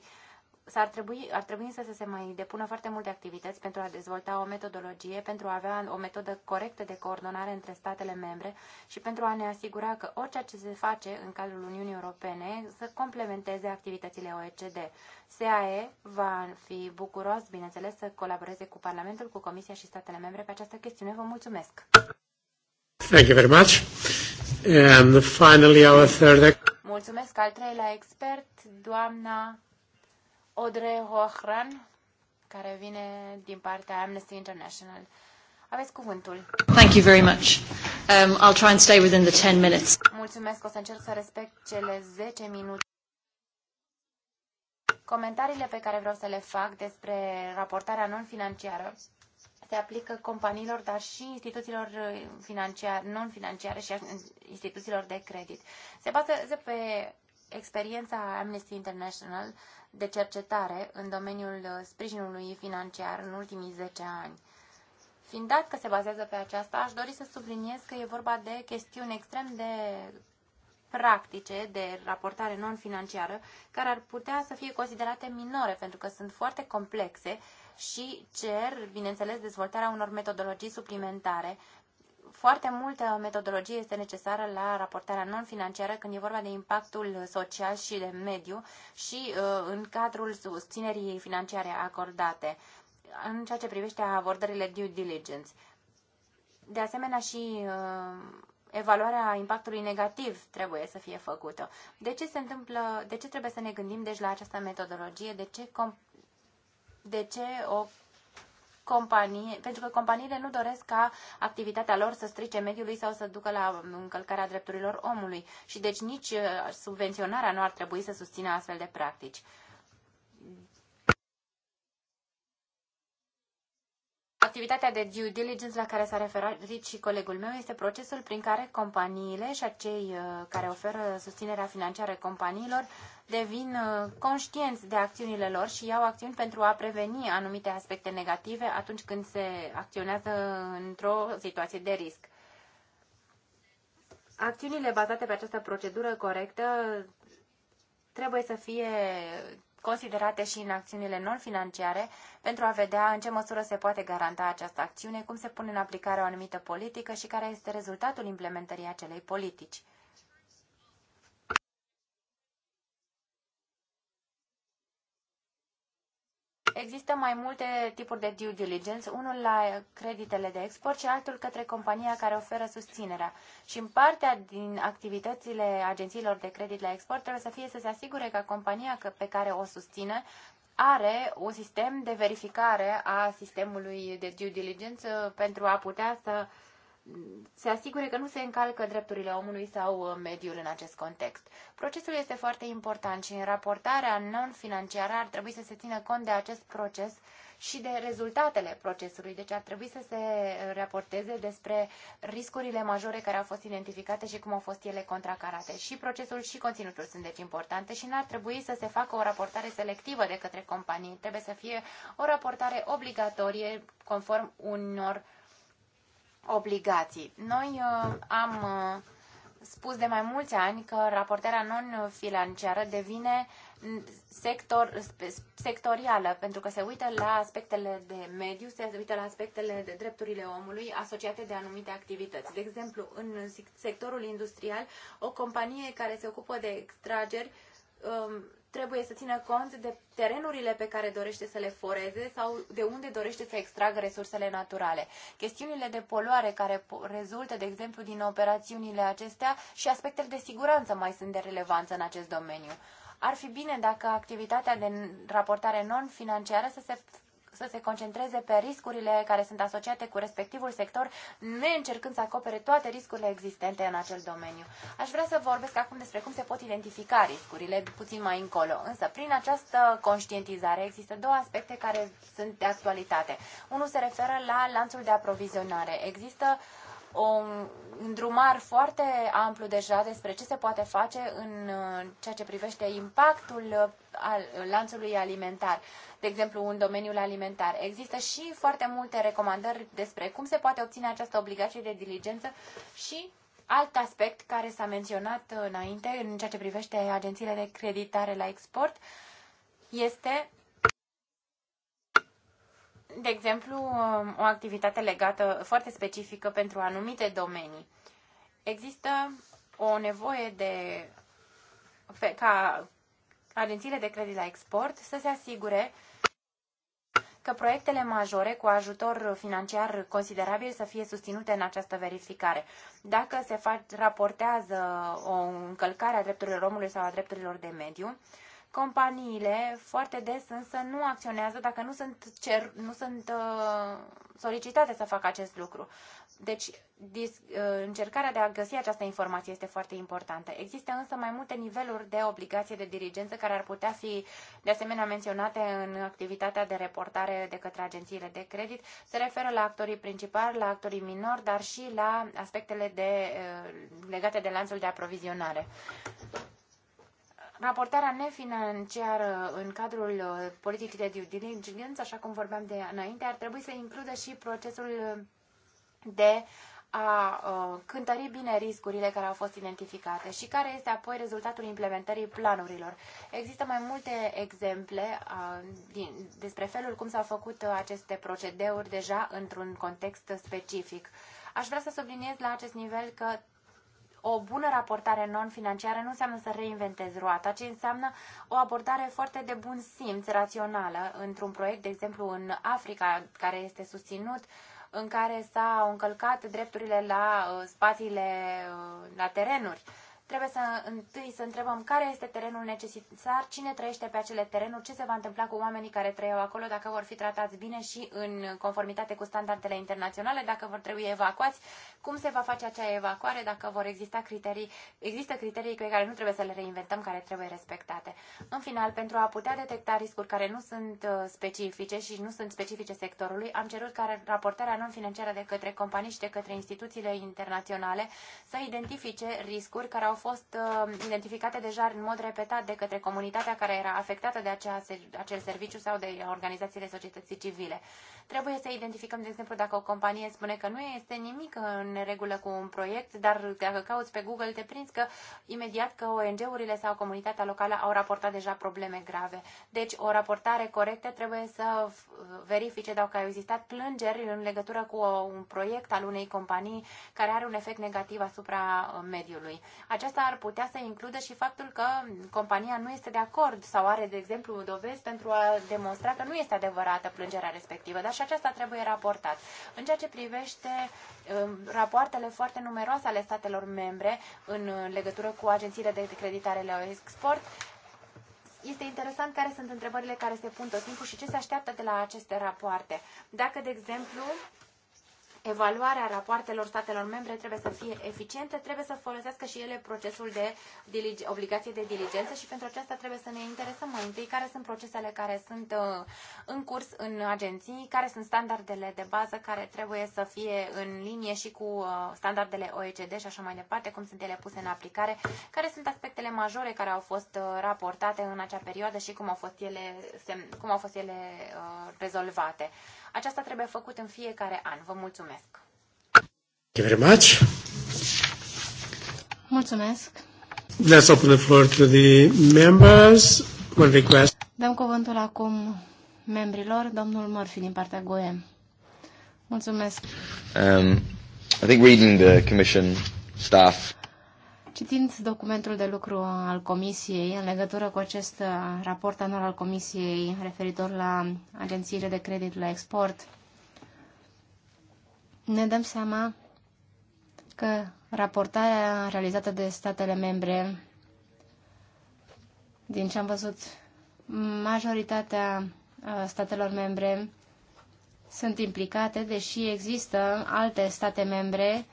S-ar trebui, ar trebui să se mai depună foarte multe activități pentru a dezvolta o metodologie, pentru a avea o metodă corectă de coordonare între statele membre și pentru a ne asigura că orice ce se face în cadrul Uniunii Europene să complementeze activitățile OECD. SAE va fi bucuros, bineînțeles, să colaboreze cu Parlamentul, cu Comisia și statele membre pe această chestiune. Vă mulțumesc! Thank you very much. And finally, our third... Mulțumesc al treilea expert, doamna Audrey Hochran, care vine din partea Amnesty International. Aveți cuvântul. Thank you very much. Um, I'll try and stay within the 10 minutes. Mulțumesc, o să încerc să respect cele 10 minute. Comentariile pe care vreau să le fac despre raportarea non-financiară se aplică companiilor, dar și instituțiilor financiare, non-financiare și instituțiilor de credit. Se bazează pe experiența Amnesty International de cercetare în domeniul sprijinului financiar în ultimii 10 ani. Fiind dat că se bazează pe aceasta, aș dori să subliniez că e vorba de chestiuni extrem de practice de raportare non-financiară, care ar putea să fie considerate minore, pentru că sunt foarte complexe și cer, bineînțeles, dezvoltarea unor metodologii suplimentare. Foarte multă metodologie este necesară la raportarea non-financiară când e vorba de impactul social și de mediu și uh, în cadrul susținerii financiare acordate în ceea ce privește abordările due diligence. De asemenea și uh, evaluarea impactului negativ trebuie să fie făcută. De ce se întâmplă, de ce trebuie să ne gândim deci la această metodologie, de ce de ce o companie, pentru că companiile nu doresc ca activitatea lor să strice mediului sau să ducă la încălcarea drepturilor omului și deci nici uh, subvenționarea nu ar trebui să susțină astfel de practici. Activitatea de due diligence la care s-a referit și colegul meu este procesul prin care companiile și acei uh, care oferă susținerea financiară companiilor devin uh, conștienți de acțiunile lor și iau acțiuni pentru a preveni anumite aspecte negative atunci când se acționează într-o situație de risc. Acțiunile bazate pe această procedură corectă trebuie să fie considerate și în acțiunile non-financiare pentru a vedea în ce măsură se poate garanta această acțiune, cum se pune în aplicare o anumită politică și care este rezultatul implementării acelei politici. Există mai multe tipuri de due diligence, unul la creditele de export și altul către compania care oferă susținerea. Și în partea din activitățile agențiilor de credit la export trebuie să fie să se asigure că compania pe care o susține are un sistem de verificare a sistemului de due diligence uh, pentru a putea să uh, se asigure că nu se încalcă drepturile omului sau uh, mediul în acest context. Procesul este foarte important și în raportarea non-financiară ar trebui să se țină cont de acest proces și de rezultatele procesului. Deci ar trebui să se raporteze despre riscurile majore care au fost identificate și cum au fost ele contracarate. Și procesul și conținutul sunt deci importante și n-ar trebui să se facă o raportare selectivă de către companii. Trebuie să fie o raportare obligatorie conform unor obligații. Noi uh, am uh, spus de mai mulți ani că raportarea non-financiară devine sector, sectorială, pentru că se uită la aspectele de mediu, se uită la aspectele de drepturile omului asociate de anumite activități. De exemplu, în sectorul industrial, o companie care se ocupă de extrageri um, trebuie să țină cont de terenurile pe care dorește să le foreze sau de unde dorește să extragă resursele naturale. Chestiunile de poluare care rezultă, de exemplu, din operațiunile acestea și aspectele de siguranță mai sunt de relevanță în acest domeniu. Ar fi bine dacă activitatea de raportare non-financiară să se să se concentreze pe riscurile care sunt asociate cu respectivul sector, neîncercând să acopere toate riscurile existente în acel domeniu. Aș vrea să vorbesc acum despre cum se pot identifica riscurile puțin mai încolo, însă prin această conștientizare există două aspecte care sunt de actualitate. Unul se referă la lanțul de aprovizionare. Există uh, o îndrumar foarte amplu deja despre ce se poate face în uh, ceea ce privește impactul uh, al uh, lanțului alimentar, de exemplu în domeniul alimentar. Există și foarte multe recomandări despre cum se poate obține această obligație de diligență și alt aspect care s-a menționat înainte în ceea ce privește agențiile de creditare la export este de exemplu, um, o activitate legată foarte specifică pentru anumite domenii. Există o nevoie de ca agențiile de credit la export să se asigure că proiectele majore cu ajutor financiar considerabil să fie susținute în această verificare. Dacă se fac, raportează o încălcare a drepturilor omului sau a drepturilor de mediu, Companiile foarte des însă nu acționează dacă nu sunt, cer, nu sunt uh, solicitate să facă acest lucru. Deci dis, uh, încercarea de a găsi această informație este foarte importantă. Există însă mai multe niveluri de obligație de dirigență care ar putea fi de asemenea menționate în activitatea de reportare de către agențiile de credit. Se referă la actorii principali, la actorii minori, dar și la aspectele de, uh, legate de lanțul de aprovizionare. Raportarea nefinanciară în cadrul uh, politicii de due diligence, așa cum vorbeam de înainte, ar trebui să includă și procesul de a uh, cântări bine riscurile care au fost identificate și care este apoi rezultatul implementării planurilor. Există mai multe exemple uh, despre felul cum s-au făcut aceste procedeuri deja într-un context specific. Aș vrea să subliniez la acest nivel că o bună raportare non-financiară nu înseamnă să reinventezi roata, ci înseamnă o abordare foarte de bun simț, rațională, într-un proiect, de exemplu, în Africa, care este susținut în care s-au încălcat drepturile la uh, spațiile, uh, la terenuri. Trebuie să întâi să întrebăm care este terenul necesar, cine trăiește pe acele terenuri, ce se va întâmpla cu oamenii care trăiau acolo, dacă vor fi tratați bine și în conformitate cu standardele internaționale, dacă vor trebui evacuați, cum se va face acea evacuare, dacă vor exista criterii, există criterii pe care nu trebuie să le reinventăm, care trebuie respectate. În final, pentru a putea detecta riscuri care nu sunt uh, specifice și nu sunt specifice sectorului, am cerut ca raportarea non-financiară de către companii și de către instituțiile internaționale să identifice riscuri care au fost uh, identificate deja în mod repetat de către comunitatea care era afectată de acea, acel serviciu sau de organizațiile societății civile. Trebuie să identificăm, de exemplu, dacă o companie spune că nu este nimic în regulă cu un proiect, dar dacă cauți pe Google te prinzi că imediat că ONG-urile sau comunitatea locală au raportat deja probleme grave. Deci o raportare corectă trebuie să verifice dacă au existat plângeri în legătură cu un proiect al unei companii care are un efect negativ asupra uh, mediului. Această acesta ar putea să includă și faptul că compania nu este de acord sau are, de exemplu, dovezi pentru a demonstra că nu este adevărată plângerea respectivă, dar și aceasta trebuie raportat. În ceea ce privește um, rapoartele foarte numeroase ale statelor membre în legătură cu agențiile de creditare la export, este interesant care sunt întrebările care se pun tot timpul și ce se așteaptă de la aceste rapoarte. Dacă, de exemplu, evaluarea rapoartelor statelor membre trebuie să fie eficientă, trebuie să folosească și ele procesul de obligație de diligență și pentru aceasta trebuie să ne interesăm mai întâi care sunt procesele care sunt uh, în curs în agenții, care sunt standardele de bază care trebuie să fie în linie și cu uh, standardele OECD și așa mai departe, cum sunt ele puse în aplicare, care sunt aspectele majore care au fost uh, raportate în acea perioadă și cum au fost ele, cum au fost ele rezolvate. Aceasta trebuie făcut în fiecare an. Vă mulțumesc! very much. Mulțumesc! Let's open the floor to the members. One request. Dăm cuvântul acum membrilor, domnul Murphy din partea GUE. Mulțumesc! Um, I think reading the commission staff Citind documentul de lucru al Comisiei în legătură cu acest uh, raport anual al Comisiei referitor la agențiile de credit la export, ne dăm seama că raportarea realizată de statele membre, din ce am văzut, majoritatea uh, statelor membre sunt implicate, deși există alte state membre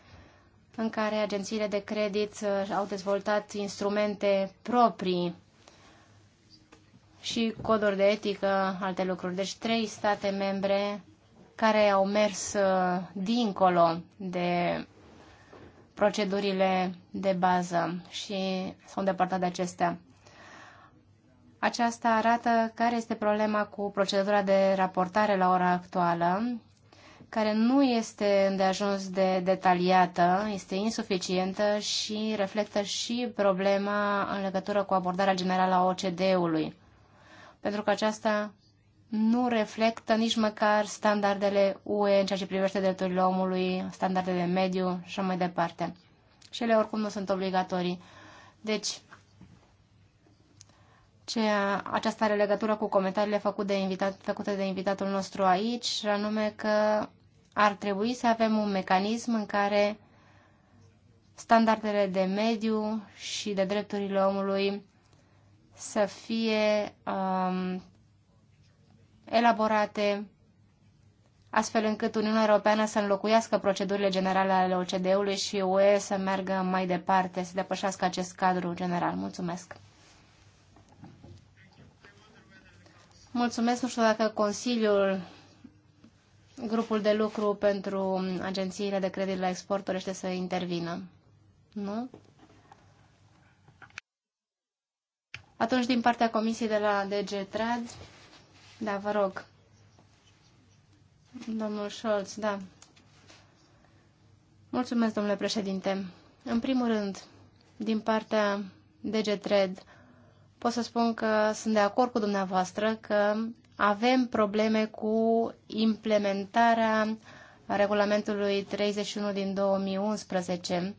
în care agențiile de credit uh, au dezvoltat instrumente proprii și coduri de etică, alte lucruri. Deci trei state membre care au mers uh, dincolo de procedurile de bază și s-au îndepărtat de acestea. Aceasta arată care este problema cu procedura de raportare la ora actuală care nu este îndeajuns de detaliată, este insuficientă și reflectă și problema în legătură cu abordarea generală a ocd ului Pentru că aceasta nu reflectă nici măcar standardele UE în ceea ce privește drepturile omului, standardele de mediu și mai departe. Și ele oricum nu sunt obligatorii. Deci, ce aceasta are legătură cu comentariile făcute de, invitat, făcute de invitatul nostru aici, anume că ar trebui să avem un mecanism în care standardele de mediu și de drepturile omului să fie um, elaborate astfel încât Uniunea Europeană să înlocuiască procedurile generale ale OCDE-ului și UE să meargă mai departe, să depășească acest cadru general. Mulțumesc! Mulțumesc, nu știu dacă Consiliul grupul de lucru pentru agențiile de credit la export dorește să intervină? Nu? Atunci, din partea comisiei de la DG Trad, da, vă rog, domnul Scholz, da. Mulțumesc, domnule președinte. În primul rând, din partea DG Trad, pot să spun că sunt de acord cu dumneavoastră că avem probleme cu implementarea regulamentului 31 din 2011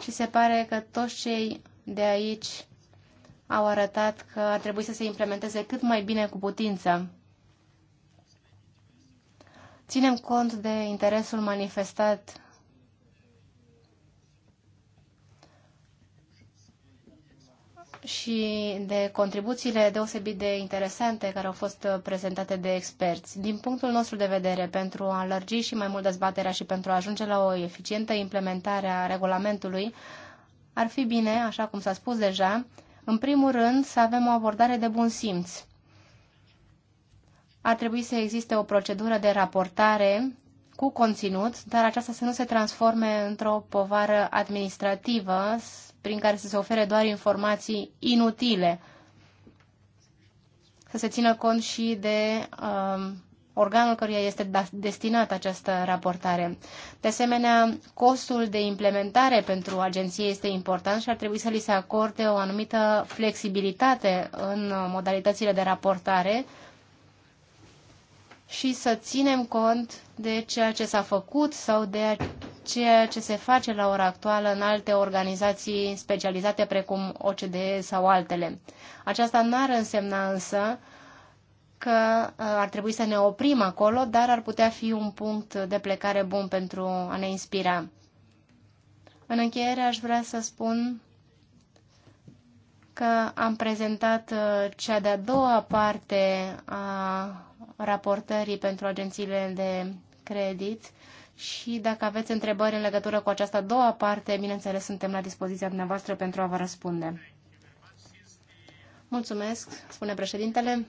și se pare că toți cei de aici au arătat că ar trebui să se implementeze cât mai bine cu putință. Ținem cont de interesul manifestat și de contribuțiile deosebit de interesante care au fost uh, prezentate de experți. Din punctul nostru de vedere, pentru a lărgi și mai mult dezbaterea și pentru a ajunge la o eficientă implementare a regulamentului, ar fi bine, așa cum s-a spus deja, în primul rând să avem o abordare de bun simț. Ar trebui să existe o procedură de raportare cu conținut, dar aceasta să nu se transforme într-o povară administrativă prin care să se ofere doar informații inutile, să se țină cont și de um, organul căruia este da, destinată această raportare. De asemenea, costul de implementare pentru agenție este important și ar trebui să li se acorde o anumită flexibilitate în modalitățile de raportare și să ținem cont de ceea ce s-a făcut sau de ceea ce se face la ora actuală în alte organizații specializate precum OCDE sau altele. Aceasta n-ar însemna însă că uh, ar trebui să ne oprim acolo, dar ar putea fi un punct de plecare bun pentru a ne inspira. În încheiere aș vrea să spun că am prezentat uh, cea de-a doua parte a raportării pentru agențiile de credit și dacă aveți întrebări în legătură cu această a doua parte, bineînțeles, suntem la dispoziția dumneavoastră pentru a vă răspunde. Mulțumesc, spune președintele,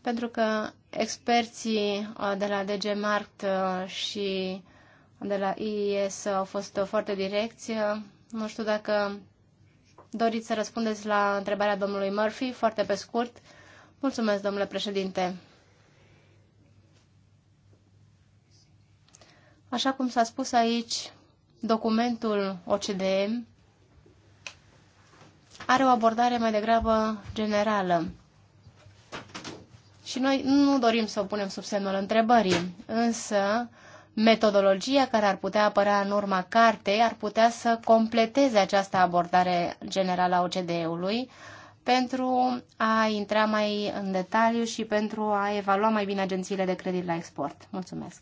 pentru că experții uh, de la DG Markt uh, și de la IES au fost uh, foarte direcți. Nu știu dacă doriți să răspundeți la întrebarea domnului Murphy, foarte pe scurt. Mulțumesc, domnule președinte. Așa cum s-a spus aici, documentul OCDE are o abordare mai degrabă generală. Și noi nu dorim să o punem sub semnul întrebării, însă metodologia care ar putea apărea în urma cartei ar putea să completeze această abordare generală a OCDE-ului pentru a intra mai în detaliu și pentru a evalua mai bine agențiile de credit la export. Mulțumesc!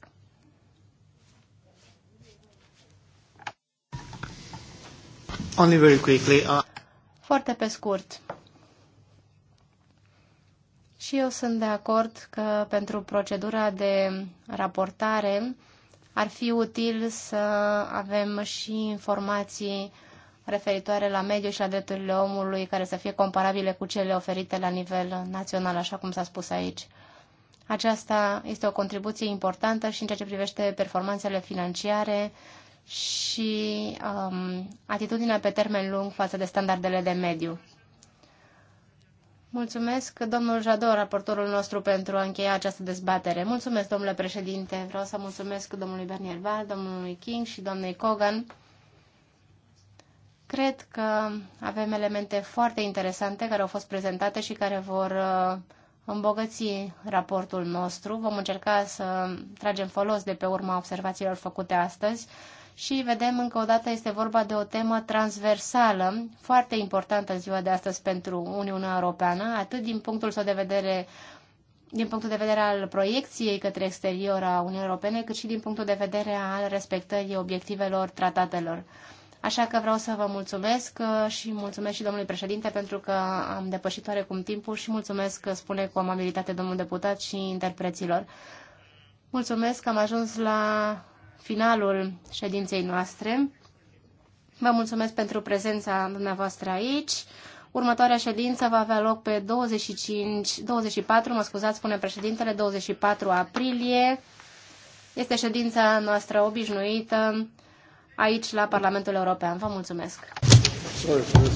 Only very quickly. Uh... Foarte pe scurt. Și eu sunt de acord că pentru procedura de raportare ar fi util să avem și informații referitoare la mediul și la drepturile omului care să fie comparabile cu cele oferite la nivel național, așa cum s-a spus aici. Aceasta este o contribuție importantă și în ceea ce privește performanțele financiare, și um, atitudinea pe termen lung față de standardele de mediu. Mulțumesc, domnul Jador, raportorul nostru, pentru a încheia această dezbatere. Mulțumesc, domnule președinte. Vreau să mulțumesc domnului Bernier Val, domnului King și domnului Cogan. Cred că avem elemente foarte interesante care au fost prezentate și care vor uh, îmbogăți raportul nostru. Vom încerca să tragem folos de pe urma observațiilor făcute astăzi și vedem încă o dată este vorba de o temă transversală, foarte importantă în ziua de astăzi pentru Uniunea Europeană, atât din punctul său de vedere din punctul de vedere al proiecției către exterior a Uniunii Europene, cât și din punctul de vedere al respectării obiectivelor tratatelor. Așa că vreau să vă mulțumesc uh, și mulțumesc și domnului președinte pentru că am depășit oarecum timpul și mulțumesc că uh, spune cu amabilitate domnul deputat și interpreților. Mulțumesc că am ajuns la finalul ședinței noastre. Vă mulțumesc pentru prezența dumneavoastră aici. Următoarea ședință va avea loc pe 25, 24, mă scuzați, spune președintele, 24 aprilie. Este ședința noastră obișnuită aici la Parlamentul European. Vă mulțumesc! Sorry,